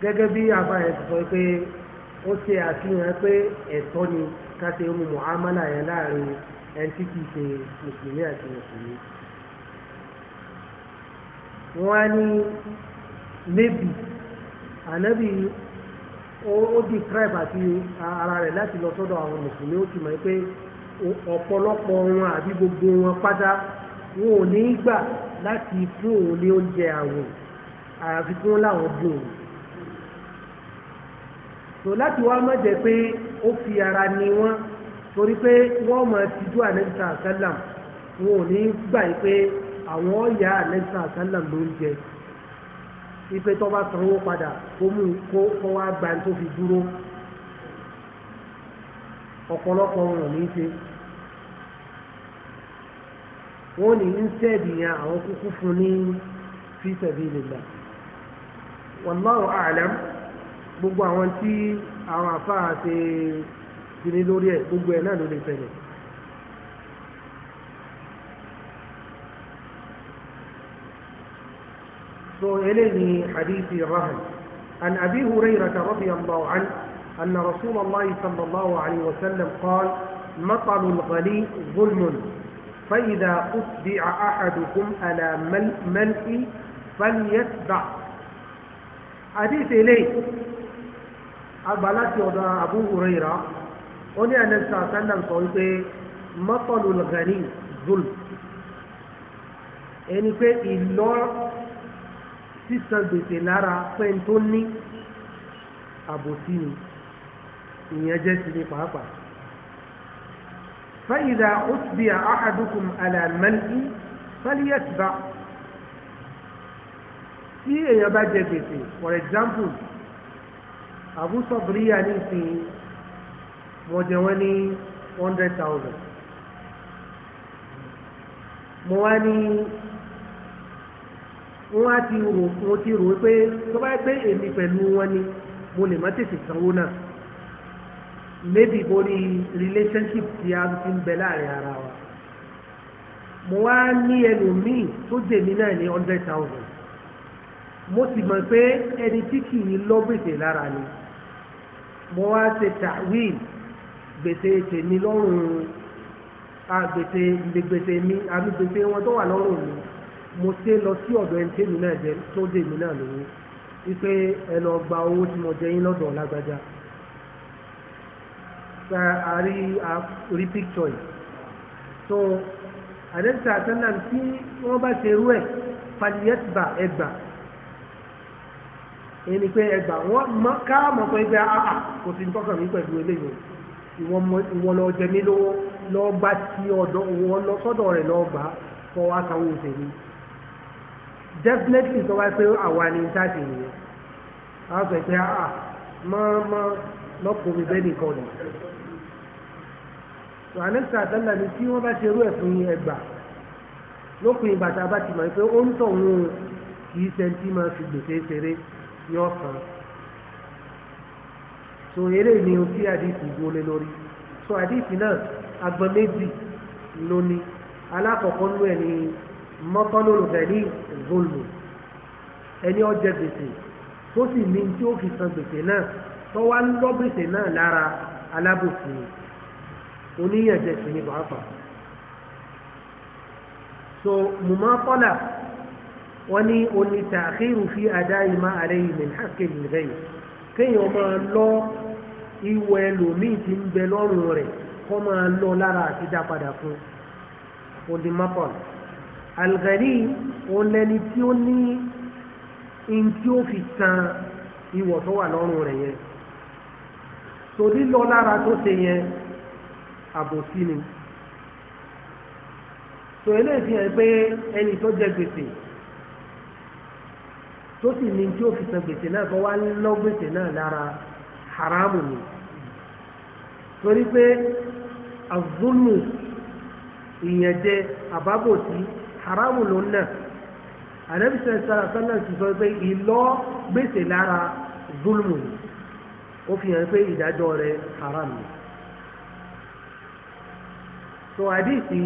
gẹ́gẹ́ sọ pé. ó ṣe àfihàn pé ẹ̀tọ́ ni ká ṣe irú mu'amala yẹn láàrin ẹni tí kìí ṣe mùsùlùmí àti mùsùlùmí. wọ́n á ní lébi ànábì ó di tribe àti ara rẹ̀ láti lọ sọ́dọ̀ àwọn mùsùlùmí ó ti mọ̀ pé ọ̀pọ̀lọpọ̀ wọn àbí gbogbo wọn pátá wọn ò ní í gbà láti fún òun ní oúnjẹ àwìn àyàfi kí wọ́n láwọn bí òun tó láti wá má jẹ́ pé ó fi ara ni wọ́n torí pé wọ́n máa tijú ànẹ́sà sálàm wọn ò ní gbà yí pé àwọn ọ̀yà ànẹ́sà sálàm ló ń jẹ ipe tó bá sanwó padà kó mú kó wá gba tó fi dúró ọ̀pọ̀lọpọ̀ wọn ò ní ṣe wọ́n ní instead yẹn àwọn kúkú fún ní fi sabilillah wallahu a'lam. gbogbo àwọn tí àwọn àfáà ṣe kiri lórí ẹ̀ gbogbo ẹ̀ náà ló lè ṣẹlẹ̀. so eléyìí hadithi rahan an abi hurairata radiyallahu anhu أن رسول الله صلى الله عليه وسلم قال مطل الغني ظلم فإذا أتبع أحدكم على ملء فليتبع حديث إليه àgbà láti ọ̀dọ̀ Abu Huraira ó ní ẹ̀nẹ́sà sẹ́ndà sọ wípé mọ́tọ́lù lọ́gẹ̀rì zul ẹni pé ìlọ́ sísan gbèsè lára pé n tó ní àbòsí ni ìyẹn jẹ́ sí ni pàápàá. فإذا أتبع أحدكم على ملء فليتبع. tí èèyàn bá jẹ gbèsè for example Abu Sabriya ní ìsìn mo jẹ wọ́n ní one hundred thousand mo wá ní wọ́n á ti rò mo ti rò pé tó bá pé èmi pẹ̀lú wọn ni mo lè má tètè sanwó náà maybe borí relationship tí a ti ń bẹ láàrin ara wa mo wá ní ẹlòmíì tó dèmi náà ní hundred thousand mo sì mọ̀ pé ẹni tí kì í lọ́ gbèsè lára ni mo wá ṣe tàwíì gbèsè tèmi lọ́rùn gbèsè gbèsè mi àbí gbèsè wọn tó wà lọ́rùn mi mo ṣe lọ sí ọ̀dọ̀ ẹni tèmi náà jẹ tó dè mí náà lówó wípé ẹ lọ gba owó tí mo jẹ yín lọ́dọ̀ lágbájá àrí àrí píktọ̀ yìí so àdéhùn sàtẹ́nà tí wọ́n bá ṣe irú ẹ̀ fàdíyẹ́tìbà ẹgbàá ẹni pé ẹgbà wọn káàmọ̀ pé pé àà ah, ah, kò sí tọ́kàn mi pẹ̀lú eléyìí ìwọ lọ jẹ mí lówó lọ gba ti ọ̀dọ̀ wọn lọ sọ́dọ̀ rẹ̀ lọ gbà fọ wá sanwó tèmi definitely sọ wá pé àwa ni tá a ti nìyẹn a sọ pé àà mọ́ lọ́kùnrin bẹ́ẹ̀ nìkan nì alexa adala ni tí wọ́n bá ṣe irú ẹ̀ fún ẹgbà lópin ìgbà tá a bá ti mọ̀ pé ó ń tọ̀ wọn kì í ṣe ti máa fi gbèsè ṣeré yóò san so eré ni o tí àdìsí gbólé lórí so àdìsí náà agbọn méjì lóní alákọ̀ọ́kọ́ nú ẹ̀ ní mọ́kànlélọ́gbẹ̀lì zolmo ẹni ọjẹ gbèsè tó sì ní tí ó fi san gbèsè náà tó wá ń lọ gbèsè náà lára alábòsí oníyànjẹ sí ni pàápàá so mùmọ́ kọ́là wọ́n ní oní tàkírù fi àdáyé má àlẹ́yìn min haqqi al-ghayr kéèyàn máa lọ ìwọ ẹlòmíì ti ń bẹ lọ́rùn rẹ̀ kó máa lọ lára àti dá padà fún odimapol alghani òun lẹni tí ó ní in tí ó fi tan ìwọ tó wà lọ́rùn rẹ̀ yẹn so lílọ lára tó ṣe yẹn àbòsí ni so eléyìí fi pé ẹni tó jẹ gbèsè tó sì ní tí ó fi san gbèsè náà tó wá lọ gbèsè náà lára haramu ni torí pé azulmu ìyànjẹ àbábòsí haramu ló ń nà ànábì sallallahu alaihi wasallam ti sọ pé ìlọ gbèsè lára zulmu ni ó fi hàn pé ìdájọ́ rẹ̀ haram ni. so àdìsí.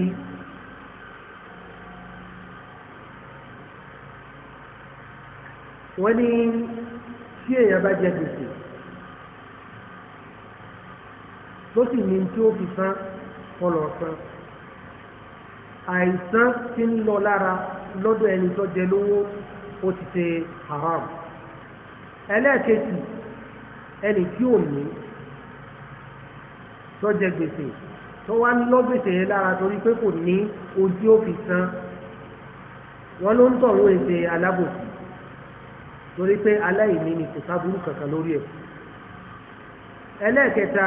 wọ́n ní tí èèyàn bá jẹ gbèsè tó sì ní tí ó fi san kọlọ̀ san àìsàn tí ń lọ lára lọ́dọ̀ ẹni tó jẹ lówó ó ti ṣe haram ẹlẹ́ẹ̀kejì ẹni tí ò ní tó jẹ gbèsè tó wá ń lọ gbèsè yẹn lára torí pé kò ní ojú ó fi san wọ́n ló ń tọ̀ wọ́n èsè alábòsí torí pé aláìní ni kò sábúrú kankan lórí ẹ̀ ẹlẹ́ẹ̀kẹta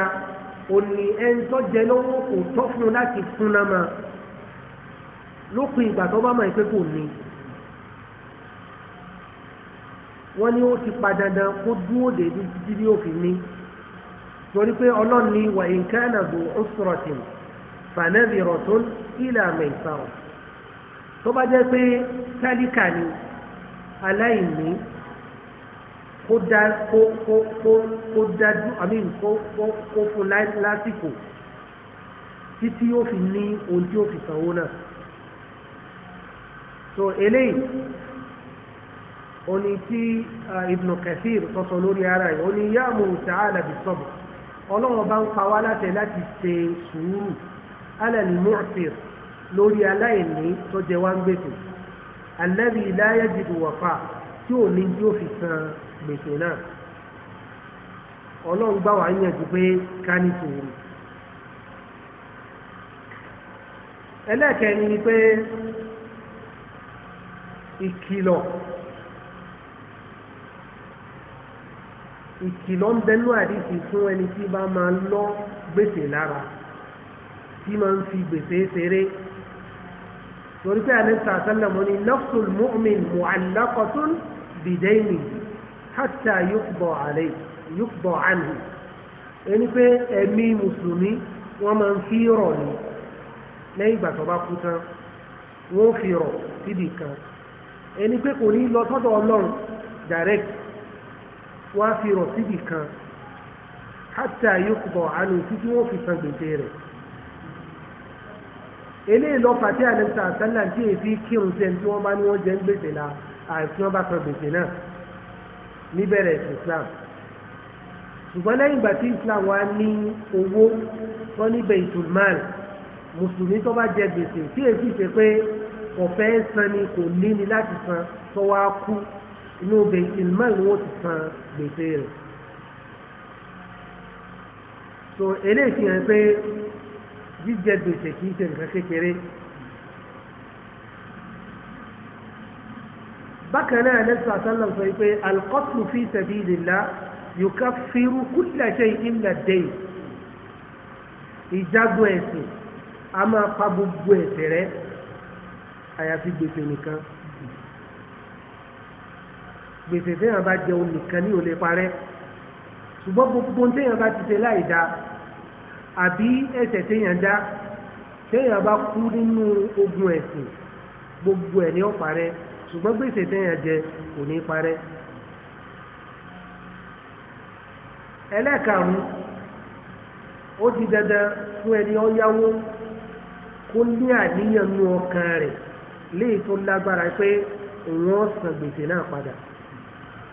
òní ẹni tó jẹ lọ́wọ́ kò tọ́ fún un láti fúnná máa lópin ìgbà tó bá mọ̀ ẹ́ pé kò ní wọ́n ní ó ti pa dandan kó dúró dé títí bí òfin ní torí pé ọlọ́run ní wà nǹkanà bò ó sọ̀rọ̀ tì fànẹ́bì rọ̀tún ilẹ̀ àmì ìsàwọ̀ tó bá jẹ́ pé tálíkà ni aláìní kó dá kó kó kó kó dájú àmì kó kó kó fún lásìkò títí yóò fi ní ohun tí yóò fi sanwó náà so eléyìí oni tí Ibn Kathir sọsọ lórí ara yìí oni ya'muru ta'ala bis-sabr ọlọ́wọ́n bá ń pa wá láti láti ṣe sùúrù ala al-mu'tir lórí aláìní tó jẹ wá ń gbèsè alladhi la yajidu wafa tí ò ní tí ó fi san gbèsè náà ọlọ́run gbà wá yànjú pé ká ní sùúrù ẹlẹ́ẹ̀kẹ́ni ni pé ìkìlọ̀ ìkìlọ̀ ń bẹnú àdìsí fún ẹni tí bá máa lọ gbèsè lára tí máa ń fi gbèsè ṣeré torí pé àlẹ́ sàtẹ́lẹ̀ mọ́ ni nafsul mu'min mu'allaqatun bidaynihi hàtà yókùbọ̀ àlẹ́ yókùbọ̀ àlẹ́ ẹni pé ẹ̀mí mùsùlùmí wọ́n máa ń fi rọ̀ ni lẹ́yìn ìgbà tó bá kú tán wọ́n fi rọ̀ síbi kan ẹni pé kò ní lọ sọ́dọ̀ ọlọ́run direct wọ́n á fi rọ̀ síbi kan hàtà yókùbọ̀ àlẹ́ títí wọ́n fi san gbèsè rẹ̀ eléyìí lọ pàtẹ́ àlẹ́ sàtẹ́là tí èyí fi kírun sí tí wọ́n bá ní wọ́n jẹ́ ń gbèsè la àìsí bá san gbèsè náà níbẹ̀rẹ̀ islam ṣùgbọ́n lẹ́yìn ìgbà tí islam wá ní owó tó ní baitul mal mùsùlùmí tó bá jẹ gbèsè tí èsì ṣe pé ọ̀fẹ́ san ni kò ní ni láti san tó wá kú inú baitul mal ni wọ́n ti san gbèsè rẹ̀ so eléyìí fi hàn pé jíjẹ gbèsè kì í ṣe nǹkan kékeré. bákan náà lẹ́sùn àtàlàn sọ pé alqatlu fi sabilillah yukaffiru kulla shay'in illa dayn ìjágun ẹ̀sìn a máa pa gbogbo ẹ̀ṣẹ̀ rẹ àyàfi gbèsè nìkan gbèsè téèyàn bá jẹun nìkan ní ó lè parẹ́ ṣùgbọ́n gbogbo téèyàn bá ti ṣe láì dáa àbí ẹ̀ṣẹ̀ téèyàn dá téèyàn bá kú nínú ogun ẹ̀sìn gbogbo ẹ̀ ní ó ṣùgbọ́n gbèsè téèyàn jẹ kò ní parẹ́ ẹlẹ́ẹ̀karùn-ún ó di dandan fún ẹni ó kó ní àníyàn ọkàn rẹ̀ léyìí tó lágbára pé òun ó san gbèsè náà padà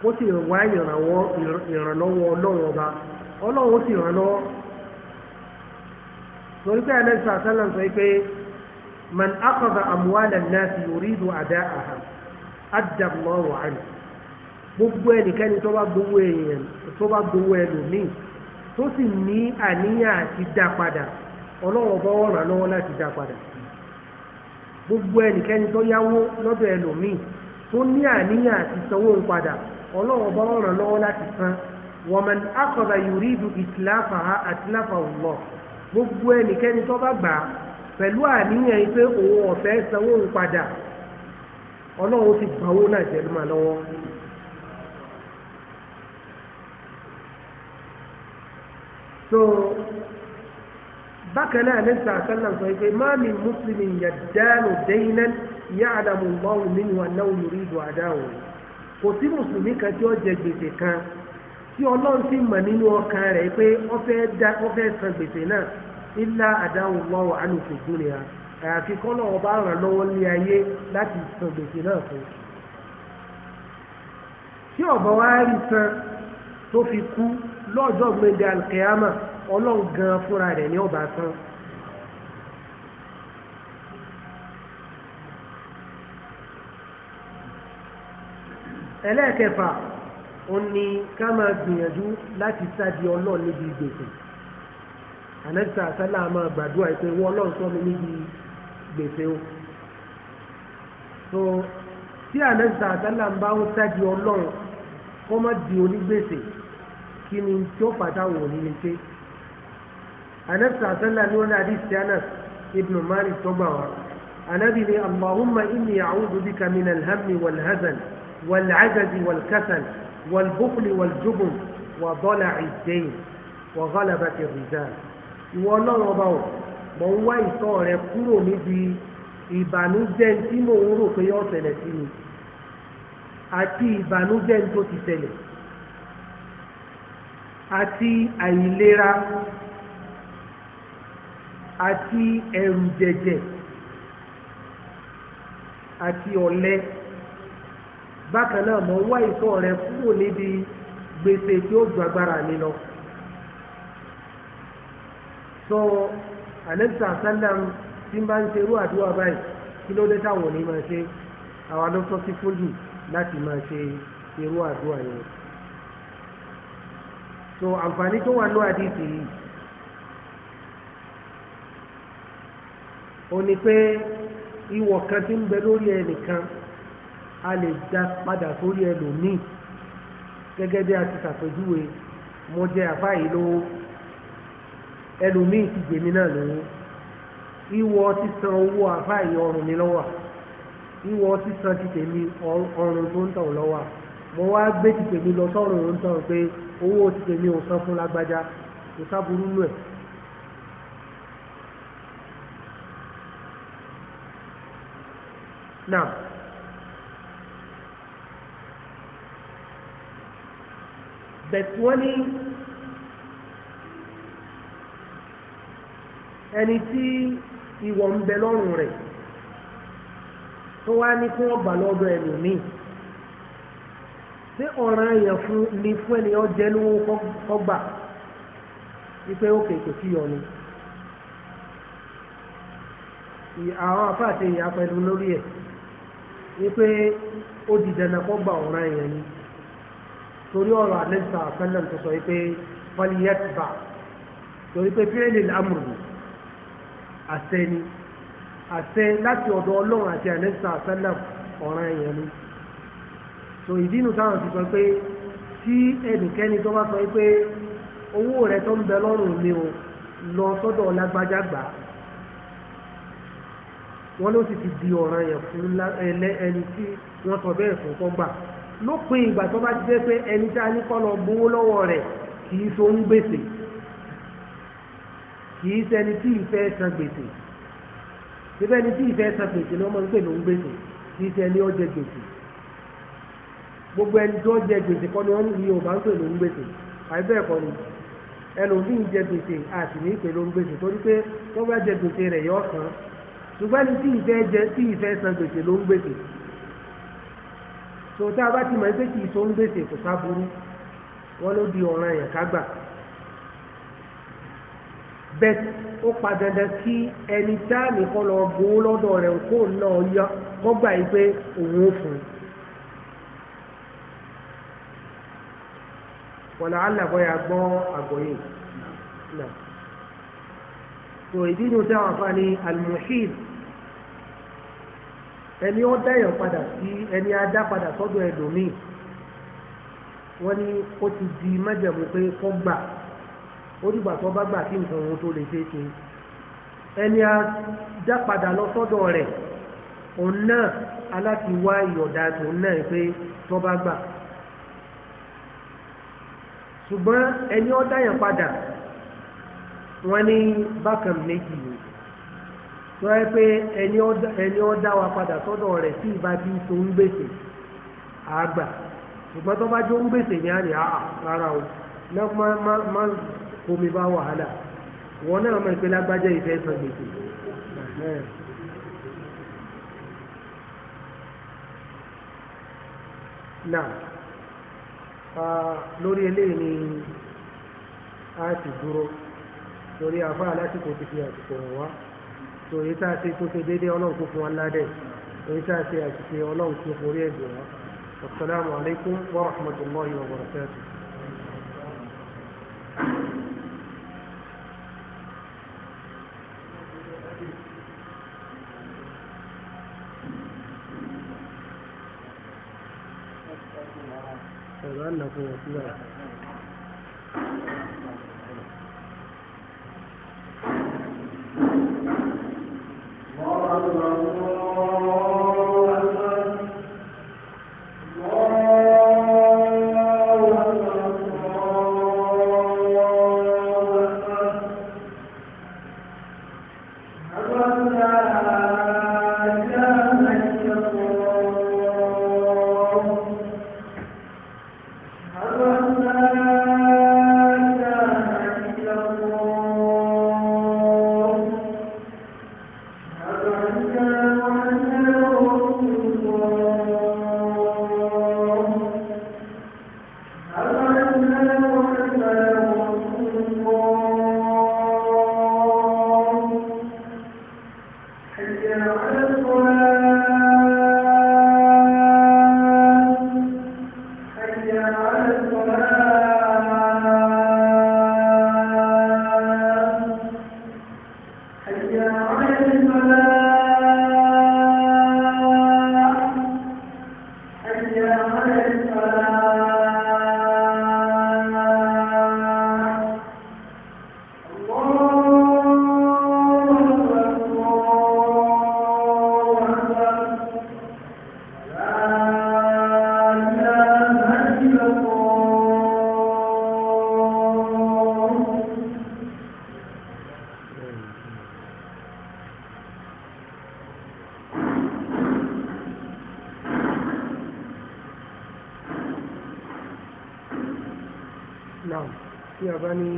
ó sì wá ìrànwọ́ ìrànlọ́wọ́ ọlọ́run ọba ọlọ́run ó sì ràn torí pé ẹlẹ́sìn àtàlà sọ pé man akọ̀dà àmúwálẹ̀ náà sì yòrí ìdò àdá àhàn. adàmọ́wò ahụ gbogbo ẹnikẹ́ni tó bá gbogbo èèyàn tó bá ẹlòmíì tó sì ní àníyàn àti padà lọ́wọ́ láti dá padà gbogbo ẹnikẹ́ni tó yáwó lọ́dọ̀ ẹlòmíì tó ní àníyàn àti sanwó ń padà ọlọ́wọ́ bá wọ́n lọ́wọ́ láti san àtìláfà gbogbo ẹnikẹ́ni tó bá gbà pẹ̀lú àníyàn yìí pé òun ọ̀fẹ́ sanwó ń ọlọ́run ti gbàwó náà jẹ́ ló lọ́wọ́. so bákan náà ní sàkánná sọ pé má mi mùsùlùmí yàdánù dẹ́yìnà ya'lamu Allahu minhu annahu yuridu àdáwò kò sí mùsùlùmí kan tí ó jẹ gbèsè kan tí ọlọ́run ti mọ̀ nínú ọkàn rẹ̀ pé ó fẹ́ san gbèsè náà illa àdáwò Allahu àlùfẹ́ dúnìyà àyàfi kọ́nà ọba ràn lọ́wọ́ lé ayé láti san gbèsè náà fún un tí ọ̀bọ̀ wa rí san tó fi kú lọ́jọ́ gbẹ̀dẹ̀ alkiyama ọlọ́run gan fúnra rẹ̀ ní ọba san. ẹlẹ́ẹ̀kẹfà òun ni ká máa gbìyànjú láti sádi ọlọ́run níbi gbèsè ànágbèsè àsálà máa gbàdúrà pé wọ́n ọlọ́run sọ mi níbi gbèsè gbèsè o so tí àlẹ́sà àtàlà ń bá ń sáàdì ọlọ́run kó má di onígbèsè kí ni tí ó fà táwọn òní lè ṣe àlẹ́sà àtàlà ní wọn àdí sianas ibn mari tọgbà wa anabi ni allahumma inni a'udhu bika min alhammi walhazan wal'ajazi walkasal walbukhli waljubun wa dala'i ad wa ghalabati ar-rijal ìwọ ọlọ́run ọba o mò ń wá ìtọ́ rẹ kúrò níbi ìbànújẹ́ tí mò ń rò pé yóò ṣẹlẹ̀ sí mi àti ìbànújẹ́ tó ti ṣẹlẹ̀ àti àìlera àti ẹ̀rù jẹ̀jẹ̀ àti ọ̀lẹ bákan náà mọ̀ wá ìtọ́ rẹ kúrò níbi gbèsè tí ó ju agbára mi lọ sọ. So, àlẹ́sà sálàm tí ń bá ń ṣe irú àdúrà báyìí kí ló dé táwọn òní máa ṣe àwa ló tọ́ sí fún láti máa ṣe irú àdúrà yẹn. so àǹfààní tó wà ní àdìsí yìí ó ní pé ìwọ̀ kan tí ń bẹ lórí ẹnìkan a lè dá padà sórí ẹlòmíì gẹ́gẹ́ bí a ti ṣàpèjúwe mo jẹ àbá lówó ẹlòmíì ti jèmi náà lówó ìwọ sísan owó àfáàyè ọrùn mi lọ́wọ́ ìwọ sísan ti tèmi ọrùn tó ń tàn lọ́wọ́ mo wá gbé ti tèmi lọ sọ́rùn tó ń tàn pé owó ti tèmi ò san fún lágbájá kò sábúrú nù ẹ̀. náà ẹni tí ìwọ̀ ń bẹ lọ́rùn rẹ̀ tó wá ní kí wọ́n gbà lọ́dọ̀ ẹlòmíì ṣé ọ̀ràn yẹn fún ni fún ẹni ọjẹ́ lówó kọ́gbà wípé ó kèké sí ọ̀nù àwọn afáàtẹ ìyá pẹ̀lú lórí ẹ̀ wípé ó di dandan kọ́gbà ọ̀ràn yẹn ni torí ọ̀rọ̀ àlẹ́sà àfẹ́lẹ́ tó sọ wípé wọ́n yẹ ti bà torí pé fílẹ̀ lè lámùrù àṣẹ ni àṣẹ láti ọ̀dọ̀ ọlọ́run àti àlẹ́sà àṣálà ọ̀ràn ẹ̀yàn ni so ìdínú táwọn ti sọ pé tí ẹnikẹ́ni tó bá sọ pé owó rẹ tó ń bẹ lọ́rùn mi o lọ sọ́dọ̀ lágbájá gbà wọ́n ló sì ti di ọ̀ràn yẹn fún ẹni tí wọ́n sọ bẹ́ẹ̀ fún kọ́ gbà lópin ìgbà tó bá ti jẹ́ pé ẹni tá a ní kọ́ lọ gbowó lọ́wọ́ rẹ̀ kì í so ń gbèsè kì í ṣẹni tí ìfẹ́ san gbèsè síbẹ̀ ni tí ìfẹ́ san gbèsè ni wọ́n máa ń pè ló ń gbèsè kì í ṣẹni ó jẹ gbèsè gbogbo ẹni tó jẹ gbèsè kọ́ ni wọ́n ní Yorùbá ń pè ló ń gbèsè àìbẹ́ẹ̀ kọ́ ni ẹlòmíì jẹ gbèsè àti ní ìpè ló ń gbèsè torí pé wọ́n bá jẹ gbèsè rẹ̀ yọ ọ̀sán ṣùgbọ́n ní tí ìfẹ́ jẹ tí ìfẹ́ san gbèsè ló ń gbèsè tòótọ́ abá ti mọ̀ ẹ́ pé kì í so ń gbèsè kò sá burú wọ́n ló di ọ̀ràn yẹn ká bẹ́ẹ̀ ó pa dandan kí ẹni tá a nìkan lọ gbowó lọ́dọ̀ rẹ̀ kó náà yọ kó gbà yí pé òun ò fún un. wọ̀nà alàbọ̀yà gbọ́ àgbọ̀yé náà. tó ìdí inú táwọn afa ni almuhid ẹni ó dáyọ̀ padà sí ẹni adá padà sọ́dọ̀ ẹ̀dùnmí wọ́n ní ó ti di májẹ̀mú pé kó gbà ó dìgbà tó bá gbà kí nǹkan òun tó lè ṣe é ṣe ẹni a dá padà lọ sọ́dọ̀ rẹ̀ òun náà aláti wá ìyọ̀dà tòun náà pé tó bá gbà ṣùgbọ́n ẹni ó dá yẹn padà wọ́n ní bákan méjì ni tó yẹ pé ẹni ó dá wa padà sọ́dọ̀ rẹ̀ tí ìbá ti tó ń gbèsè àgbà ṣùgbọ́n tó bá jó ń gbèsè ní àná rárá o náà má má omi bá wàhálà wọn náà mọ̀ ìpínlẹ̀ agbájẹ́ ìfẹ́ san gbèsè. náà lórí eléyìí ni a ti dúró torí afá alásìkò ti fi àsìkò hàn wá tó èyí tá a ṣe tó ṣe déédéé ọlọ́run kó fún wa ládẹ̀ èyí tá a ṣe àṣìṣe ọlọ́run kó forí ẹ̀dùn wa. Assalamu wa rahmatullahi wa barakatuh. لا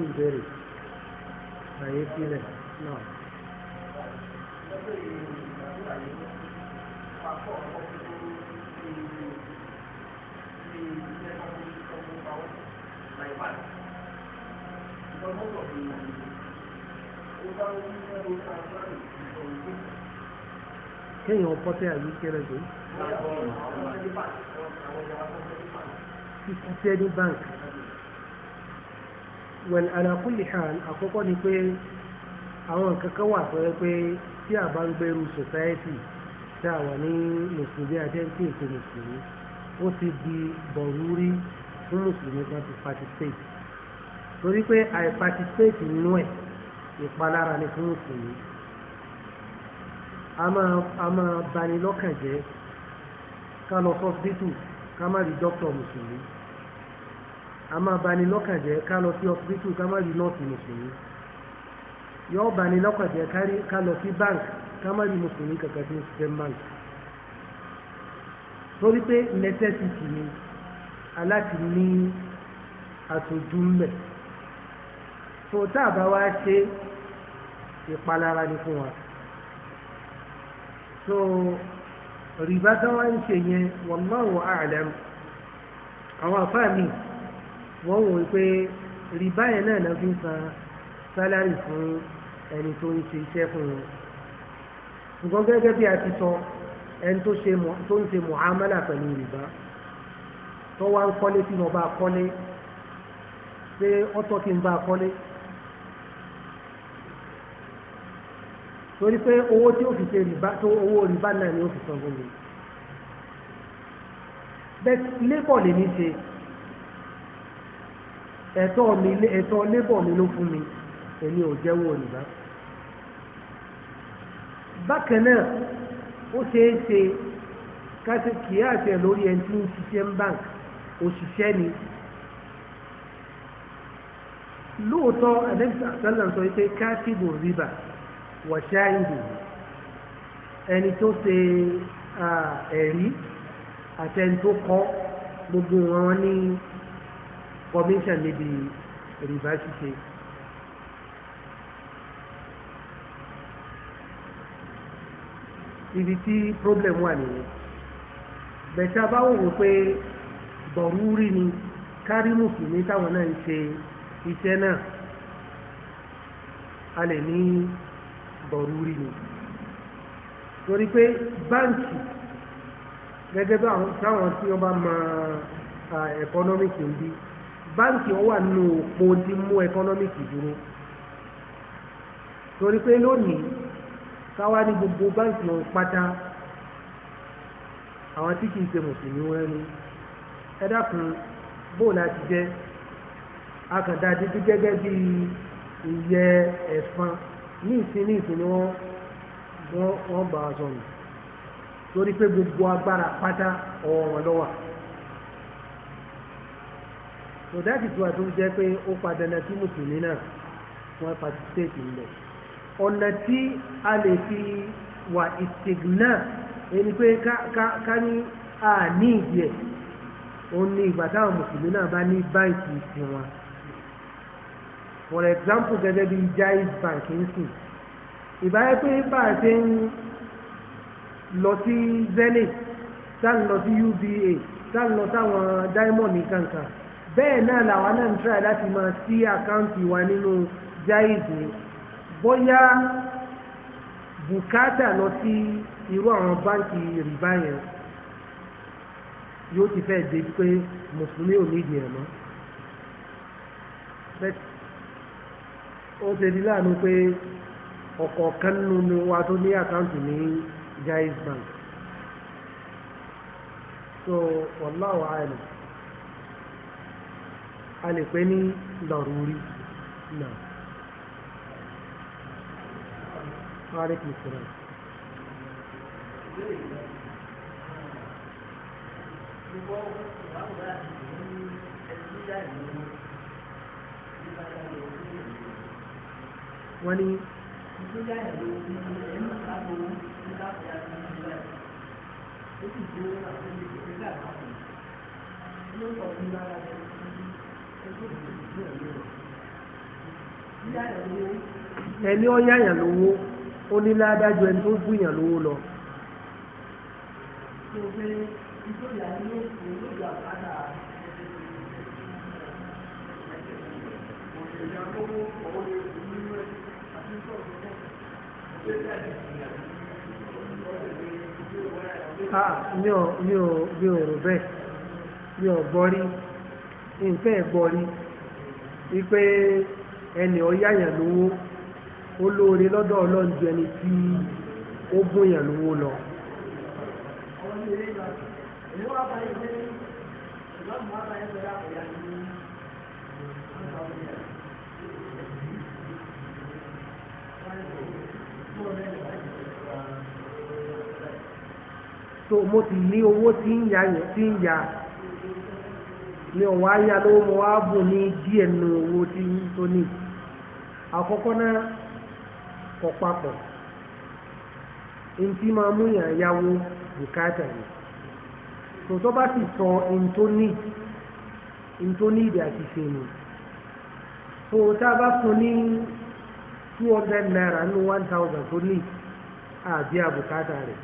ìbéèrè àyè sílẹ̀ náà. kéèyàn pọ́tẹ́ àbí kéré jù. títí tẹ́lí báńkì wẹ̀l àlàkùnlé hàn àkọ́kọ́ ni pé àwọn kankan wà tó yẹ pé tí a bá ń gbèrú society tí a wà ní mùsùlùmí àjẹ́ǹtì ètò mùsùlùmí ó ti di bọ̀rúrí fún mùsùlùmí kan ti participate torí pé àì nínú ẹ̀ ìpalára ni fún mùsùlùmí a máa bani lọ́kàn jẹ́ ká lọ sọ́sibítù ká má rí dókítà mùsùlùmí a máa bani lọ́kàn jẹ́ ká lọ sí ọsibítù ká má rí nọ́ọ̀sì mùsùlùmí yóò bani lọ́kàn jẹ́ ká lọ sí bank ká má rí mùsùlùmí kankan tí ó ti bank torí pé necessity ni aláti ní aṣojú mbẹ̀ tó tá a bá wá ṣe ìpalára ni fún wa so rìbá tó wá ń ṣe yẹn wallahu a'lam àwọn afáàmì wọ́n wò pé rìbá yẹn náà lọ́ fi ń san sálárì fún ẹni tó ń ṣe iṣẹ́ fún wọn ṣùgbọ́n gẹ́gẹ́ bí a ti sọ ẹni tó ń ṣe muamala pẹ̀lú rìbá tó wá ń kọ́lé tí mo bá kọ́lé pé ọ̀tọ̀ kí n bá kọ́lé torí pé owó tí ó fi ṣe rìbá tó owó rìbá náà ni ó fi san fún mi bẹ́ẹ̀ lébọ̀ lè ní ṣe ẹ̀tọ́ mi ẹ̀tọ́ lébọ̀ mi ló fún mi èmi ò jẹ́wọ́ òyìnbá. bákan náà ó ṣeé ṣe kásì kìí àṣẹ lórí ẹni tí ń ṣiṣẹ́ ń bank òṣìṣẹ́ ni. lóòótọ́ ẹ̀dẹ́gbẹ̀sì àtàlà sọ pé káṣíbù rìbà wọ̀ṣá ìlú ẹni tó ṣe ẹ̀rí àtẹni tó kọ́ gbogbo wọn ní commission níbi rìbá ṣíṣe. ibi tí problem wà nìyẹn bẹ̀tẹ̀ bá wò wò pé bọ̀rúurì ni kárí mùsùlùmí táwọn náà ń ṣe iṣẹ́ náà a lè ní bọ̀rúurì ni torí pé báǹkì gẹ́gẹ́ bí àwọn tí wọ́n bá mọ ẹ̀kọ́nọ́mìkì ń bí báńkì ó wà nínú òpó tí mú ẹkọ́nọ́mìkì dúró torí pé lónìí káwá ní gbogbo báńkì ọ̀hún pátá àwọn tí kìí ṣe mùsùlùmí wọn ni ẹ dákun bóò láti jẹ́ akàndá dídí gẹ́gẹ́ bí ìyẹ ẹ̀fọn ní ìsìn ní ìsìn ni wọ́n bá a sọ̀rọ̀ torí pé gbogbo agbára pátá ọ̀rọ̀ lọ́wọ́ so that is why tó jẹ́ pé ó padà náà tí mùsùlùmí náà wọ́n participate ń bẹ̀ ọ̀nà tí a lè fi wà ìsìgná ẹni pé ká ní a ní ìdí ẹ̀ ó ní ìgbà táwọn mùsùlùmí náà bá ní báǹkì ìsìn for example gẹ́gẹ́ bí Jaiz bank ń sìn ìbáyé pé bá a ṣe ń lọ sí Zenith tá ń lọ sí UBA tá ń lọ sáwọn diamond nìkankan bẹ́ẹ̀ náà làwọn náà ń try láti máa sí àkáǹtì wa nínú jáìzì bóyá bùkátà lọ sí irú àwọn báǹkì rìbá yẹn yóò ti fẹ́ dé pé mùsùlùmí ò nídìí ẹ̀ mọ́ ó ṣe di láàánú pé ọ̀kọ̀ọ̀kan nínú wa tó ní àkáǹtì ní Jaiz Bank so wallahu a'lam a lè pè ní lọ́rùrí náà. Alaikum salaam. wọ́n ní ẹni ó yáyàn lówó ó ní ládájọ ẹni tó bú yàn lówó lọ. Ah, mi ò rò bẹ́ẹ̀ mi ò gbọ́ rí. nǹkan ẹ̀gbọ́ rí wípé ẹnì ọ̀yá yẹn lówó ó lóore lọ́dọ̀ ẹni tí ó gún yẹn lówó lọ. so mo ti ní owó tí ń ya yẹn tí ń ya. mi ò wá yá lówó mo wá bùn ní díẹ̀ nínú owó tí tó ní àkọ́kọ́ náà kọ papọ̀ ntí máa mú yàn yáwó bùkátà yìí tòótọ́ bá sì sọ ntóní ntóní ìdí àti fèmí tó tá a bá fún ní two hundred naira ní one thousand tó ní àbí àbùkátà rẹ̀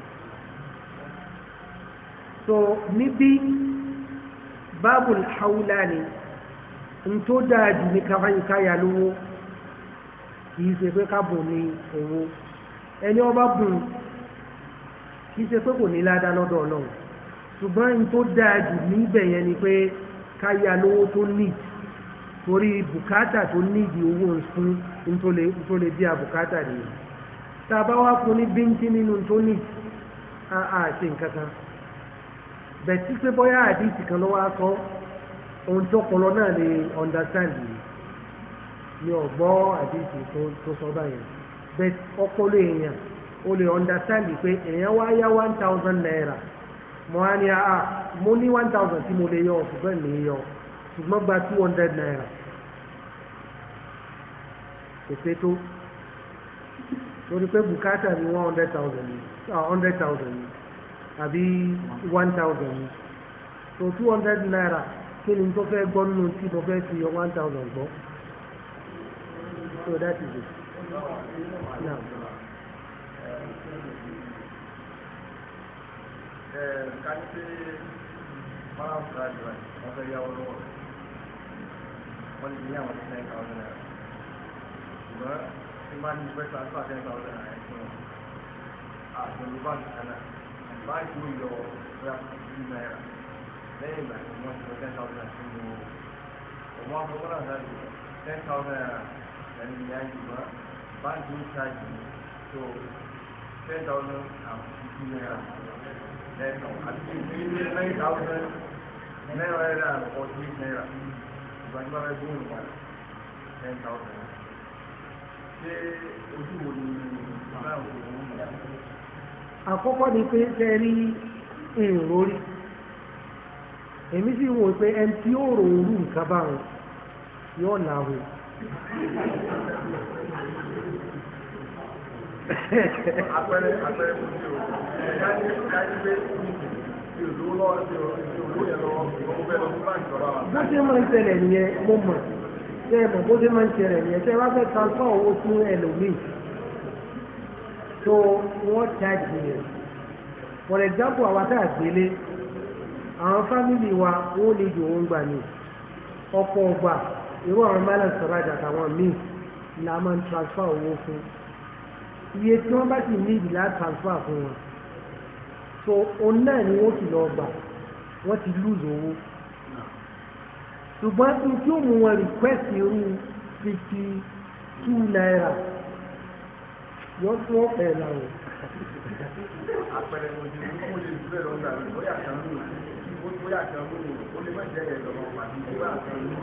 so níbí báàbùl haúlá ni n tó dáa jù ní káfáyíkáyà lówó kìí ṣe pé kábò ní owó ẹni ọba bùn kìí ṣe pé kò ní ládàá lọ́dọ̀ ọlọ́run ṣùgbọ́n n tó dáa jù níbẹ̀ yẹn ni pé káyà lówó tó níjì torí bùkátà tó níjì owó ń fún n tó lè bí a bùkátà nìyẹn tá a bá wá fún ní bíntín nínú tó níjì a ṣe nǹkan kan bẹ̀tí pé bóyá àdìsí kan ló wá sọ ohun tó pọlọ náà lè understand yìí ni ọ̀gbọ́ àdìsí tó sọ báyìí bẹ̀tí ọpọlọ èèyàn ó lè understand pé èèyàn wá yá one thousand naira mo á ní àá ah, mo ní one thousand tí mo lè yọ ṣùgbọ́n mi yọ ṣùgbọ́n gba two hundred naira kò pé tó torí pé bùkátà ni one hundred thousand ni one ah, hundred thousand ni àbí one thousand so two hundred naira kí ni tó fẹ́ gbọ́ nínú tí mo fẹ́ fi one thousand gbọ́ so that is it now. ká ní pé mara ń fura jù ẹ wọ́n fẹ́ yáwó lọ́wọ́ rẹ̀ wọ́n ti ní àwọn ten thousand naira ṣùgbọ́n tí bá ní fẹ́ transfer ten thousand naira báńkì ó yọ ọ̀rẹ́ àkókò náírà lẹ́yìn ìgbà tí wọ́n ti lọ ten thousand sí mo ọ̀wọ́n akọ́kọ́ náà dájú ten thousand naira ẹni ìyá ìjùmọ̀ báńkì ó ṣáàjì tó ten thousand and fifty naira lẹ́nu àti ìdílé nine thousand náírà ẹ̀rẹ́ and forty eight naira ìgbà tí wọ́n fẹ́ gbóhùn padà ten thousand ṣé ojú wo ni ìgbà àkọ́kọ́ ni pé ṣe rí èrò rí èmi sì wò pé ẹni tí ó rò o káyé káyé pé mi ò lówó lọ́wọ́ mi yẹn lọ́wọ́ mo fẹ́ lọ fún bó ṣe máa ń ṣẹlẹ̀ nìyẹn mo mọ̀ so wọ́n charge yẹn for example àwa tá a gbélé àwọn family wa wọ́n lè jù wọ́n gbà mí ọ̀pọ̀ ọgbà irú àwọn balance raj àtàwọn míì la máa ń transfer owó fún iye tí wọ́n bá sì need la transfer fún wọn so òun náà ni wọ́n ti lọ gbà wọ́n ti lose owó ṣùgbọ́n tí ó mú wọn request irú fifty two naira yóò tún ọ̀pẹ̀ ìlànà. àpẹẹrẹ òjò ló kó lè dúró lọ gbà ló yà kàn ló ó yà kàn ló ó lè má jẹ ẹ lọ pàdé ó yà kàn ló.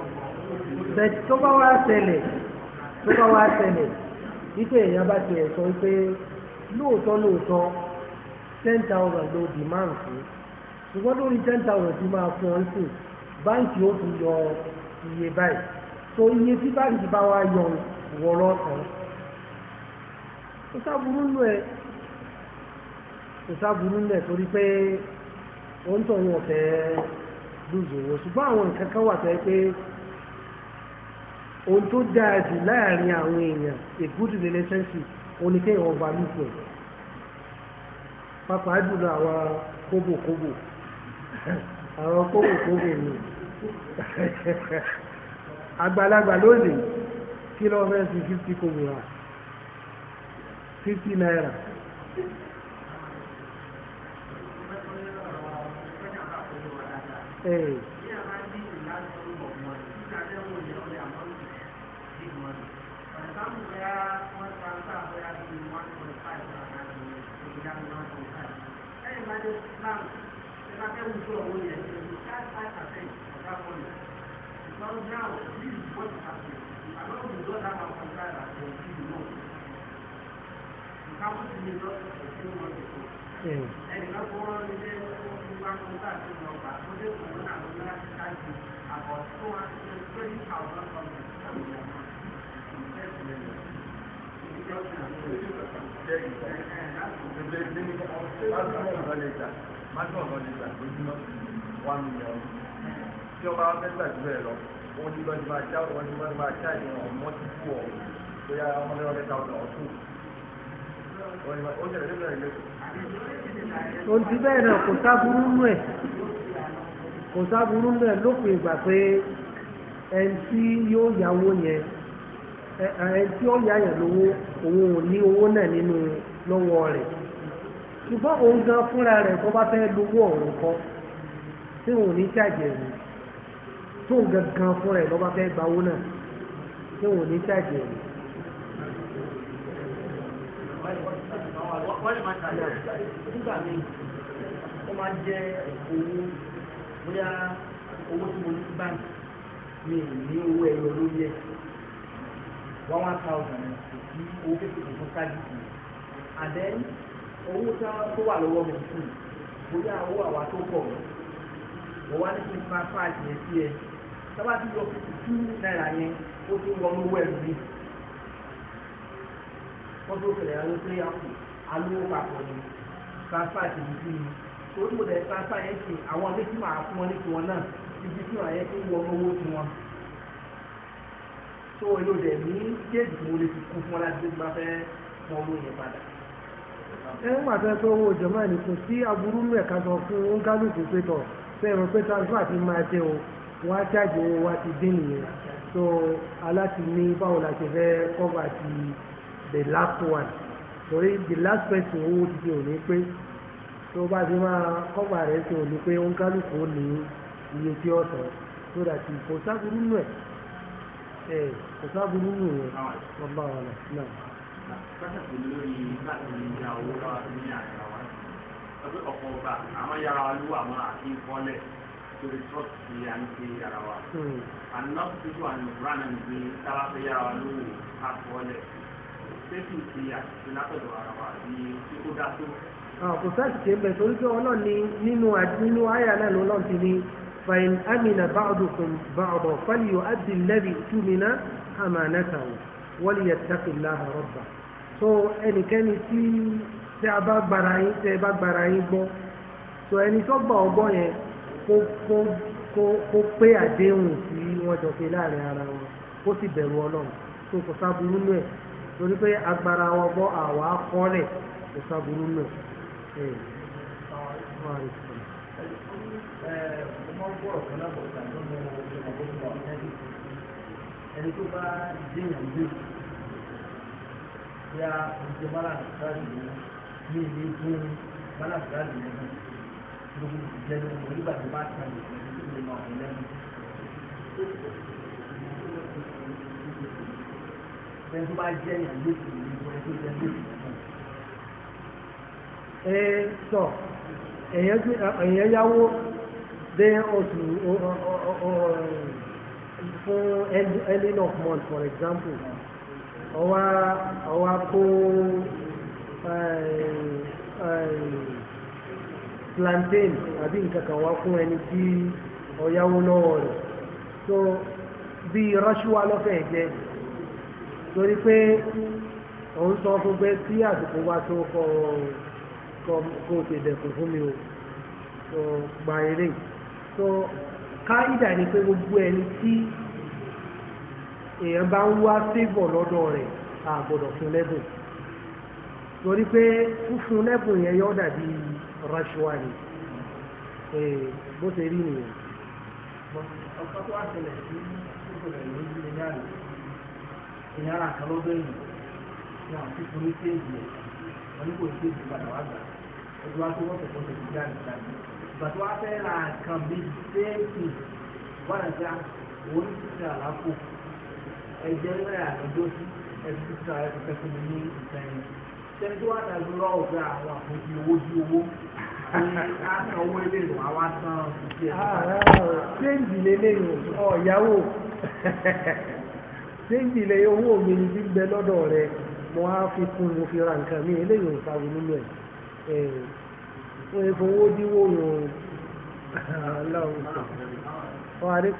bẹ́ẹ̀ tó bá wá ṣẹlẹ̀ tó bá wá ṣẹlẹ̀ wípé èèyàn bá tiẹ̀ sọ pé lóòótọ́ lóòótọ́ ten thousand ló di máa ń fún ṣùgbọ́n lórí ten thousand tí máa fún ọ ń sìn báǹkì ó fi yọ iye báyìí so iye tí báǹkì bá wá yọ wọ̀ lọ́sàn-án kò sáburú nù ẹ kò sáburú nù ẹ torí pé ó ń tọ̀ wọn fẹ́ lùzò wọn ṣùgbọ́n àwọn nǹkan kan wà tẹ́ pé ohun tó dáa jù láàrin àwọn èèyàn a good relationship oníkẹ́yìn ọba lùpọ̀ pàápàá jùlọ àwọn kóbòkóbò àwọn kóbòkóbò ni àgbàlagbà lónìí kí ló fẹ́ fi fifty kóbò rà fifty naira. Hey tí ọba mẹ́ta jù bẹ́ẹ̀ lọ wọn ní lọ́jọ́ máa já wọn ní lọ́jọ́ máa já ìwọ̀n mọ́tò fún ọ bóyá ọmọdé ọ̀rẹ́ta ọ̀dọ̀ ọ̀tún ohun tí bẹ́ẹ̀ náà kò sáburú nù ẹ̀ kò sáburú nù ẹ̀ lópin ìgbà pé ẹni tí yóò yáwó yẹn ẹni tí ó yá yẹn lówó òun ò ní owó náà nínú lọ́wọ́ rẹ̀ ṣùgbọ́n òun gan fúnra rẹ̀ tó bá fẹ́ lówó ọ̀hún kọ́ tí òun ní ṣàjẹ̀ rẹ̀ tóun gan gan fúnra rẹ̀ tó bá fẹ́ gbawó náà tí òun ní ṣàjẹ̀ rẹ̀ wọ́n mi ó máa jẹ́ owó bóyá owó tí mo ní báńkì mi ní owó ẹ̀rọ lórí ẹ̀ one one thousand ní owó kékeré fún kájíìtì and then owó tó wà lọ́wọ́ mi fún bóyá owó àwa tó pọ̀ wọ́n wá ní kí n máa fáàtì yẹn sí ẹ sábà tí yọ two náírà yẹn ó tún wọnú owó ẹ̀rù mi wọ́n tó fẹ̀rẹ̀ ló pé àpò alówó papọ̀ ni transfer ti di fún mi torí mo tẹ̀ transfer yẹn ṣe àwọn ilé tí màá fún wọn ní tiwọn náà ibi tí màá yẹ kí wọ́n owó tiwọn tó èlò dẹ̀ ní géèdì tí mo lè fi kú fún wọn láti gbé bá fẹ́ mọ owó yẹn padà. ẹ ń wà fẹ́ pé owó ìjọba ẹni kò sí aburú nù ẹ̀ka sọ fún ó gálùkù pé tọ̀ fẹ́ràn pé transfer ti máa jẹ o wọ́n á jáde owó wa ti dín nìyẹn so aláti ní báwo la ṣe fẹ́ kọ́ba the last one torí the last person owó ti di òní pé tó bá ti máa kọ́gbà rẹ̀ ti òní pé ó ń kálukú ní iye tí ó sọ so that kò sábúrú nù ẹ̀ ẹ̀ kò sábúrú nù ẹ̀ ọba ọ̀nà náà. pàtàkì lórí láti ya owó wa ní àgbà wa ọjọ́ ọ̀pọ̀ ọba àwọn yàrá wa ló wà mọ́ àti ìkọ́lẹ̀ torí trọ́ọ̀tì àti yàrá wa. àná tuntun àná ìbúra nìgbín tábà fẹ́ yàrá wa ló wò ká kọ́lẹ̀ ṣẹ́kì ti àṣìṣe látọ̀dọ̀ ara wa ní tí ó ah, bẹ̀ torí pé ọlọ́run ni nínú nínú àyà náà lọ́lọ́run ti ní fain amina ba'dukum ba'dan falyu'addi alladhi tumina amanatahu waliyattaqillaha rabba. so ẹnikẹ́ni tí tí a bá gbara yín tẹ́ ẹ bá gbara yín gbọ́ so ẹni tó gbà ọ gbọ́ yẹn kó kó kó kó pé àdéhùn tí wọ́n jọ pé láàrin ara wọn kó sì bẹ̀rù ọlọ́run tó kò sábúrú nù ẹ̀ torí pé agbára wọn bọ́ àwa kọ́lẹ̀ kò sábúrú náà. ẹni tó bá dèèyàn gbé ya ìjọ bálàbùkà yìí ní ilé fún bálàbùkà yìí náà gbogbo ìjẹun onígbà tó bá tàn ní ìlú ìlú ìlú ìlú ìlú ẹni tó bá jẹ́ ìyàn lóṣù ní ìwọ ẹni tó jẹ́ lóṣù fún. ẹ sọ èèyàn yáwó dé oṣù fún ending of month for example ọwá ọwá kó plantain àbí nǹkan kan wá fún ẹni tí ọ̀yáwó lọ́wọ́ rẹ̀ so bí rọ́ṣùwà lọ́fẹ̀ẹ́ jẹ́ torí pé òun sọ fún pé tí àsìkò wa tó kọ kó o ti dẹ̀kun fún mi o gba eré so káyidà ni pé gbogbo ẹni tí èèyàn bá ń wá fébọ̀ lọ́dọ̀ rẹ̀ àgbọ̀dọ̀ fún lẹ́bùn torí pé fúnfún lẹ́bùn yẹn yọ dàbí rashwa ni bó ṣe rí nìyẹn. ọ̀pọ̀ tó wá ṣẹlẹ̀ sí ìṣòro ìlú ní ìyá rẹ̀ ìnira kan ló bẹ́ẹ̀ yìí wọn àti fún ní téèjì ẹ̀ wọn ní kò ní téèjì padà wá gbà ojú wa tó wọ́n tẹ̀ fún tẹ̀sí jáde jáde ìgbà tó wá fẹ́ ra nǹkan bíi téèjì wọn àti àwọn oníṣẹ́ àlàfo ẹ̀jẹ̀ náírà lọ́jọ́ sí ẹ̀sìn títí ara ẹ̀ fẹ́ fún mi ní ìtẹ́yìn sẹ́ni tó wá dájú lọ́wọ́ pé àwọn àpòjì owó ju owó káàkiri owó ilé ìlú àwa tán. ṣéǹjì lélẹ́yìn ọ̀yáwó. (laughs) ṣé ìjìnlẹ̀ owó mi ní gbígbẹ lọ́dọ̀ rẹ mo á fi kún mo fi ra nǹkan mi eléyìí ò sáwọ nínú ẹ̀ wọ́n yẹ fowó díwó yòó aláwọ̀ sọ. wọ́n á rí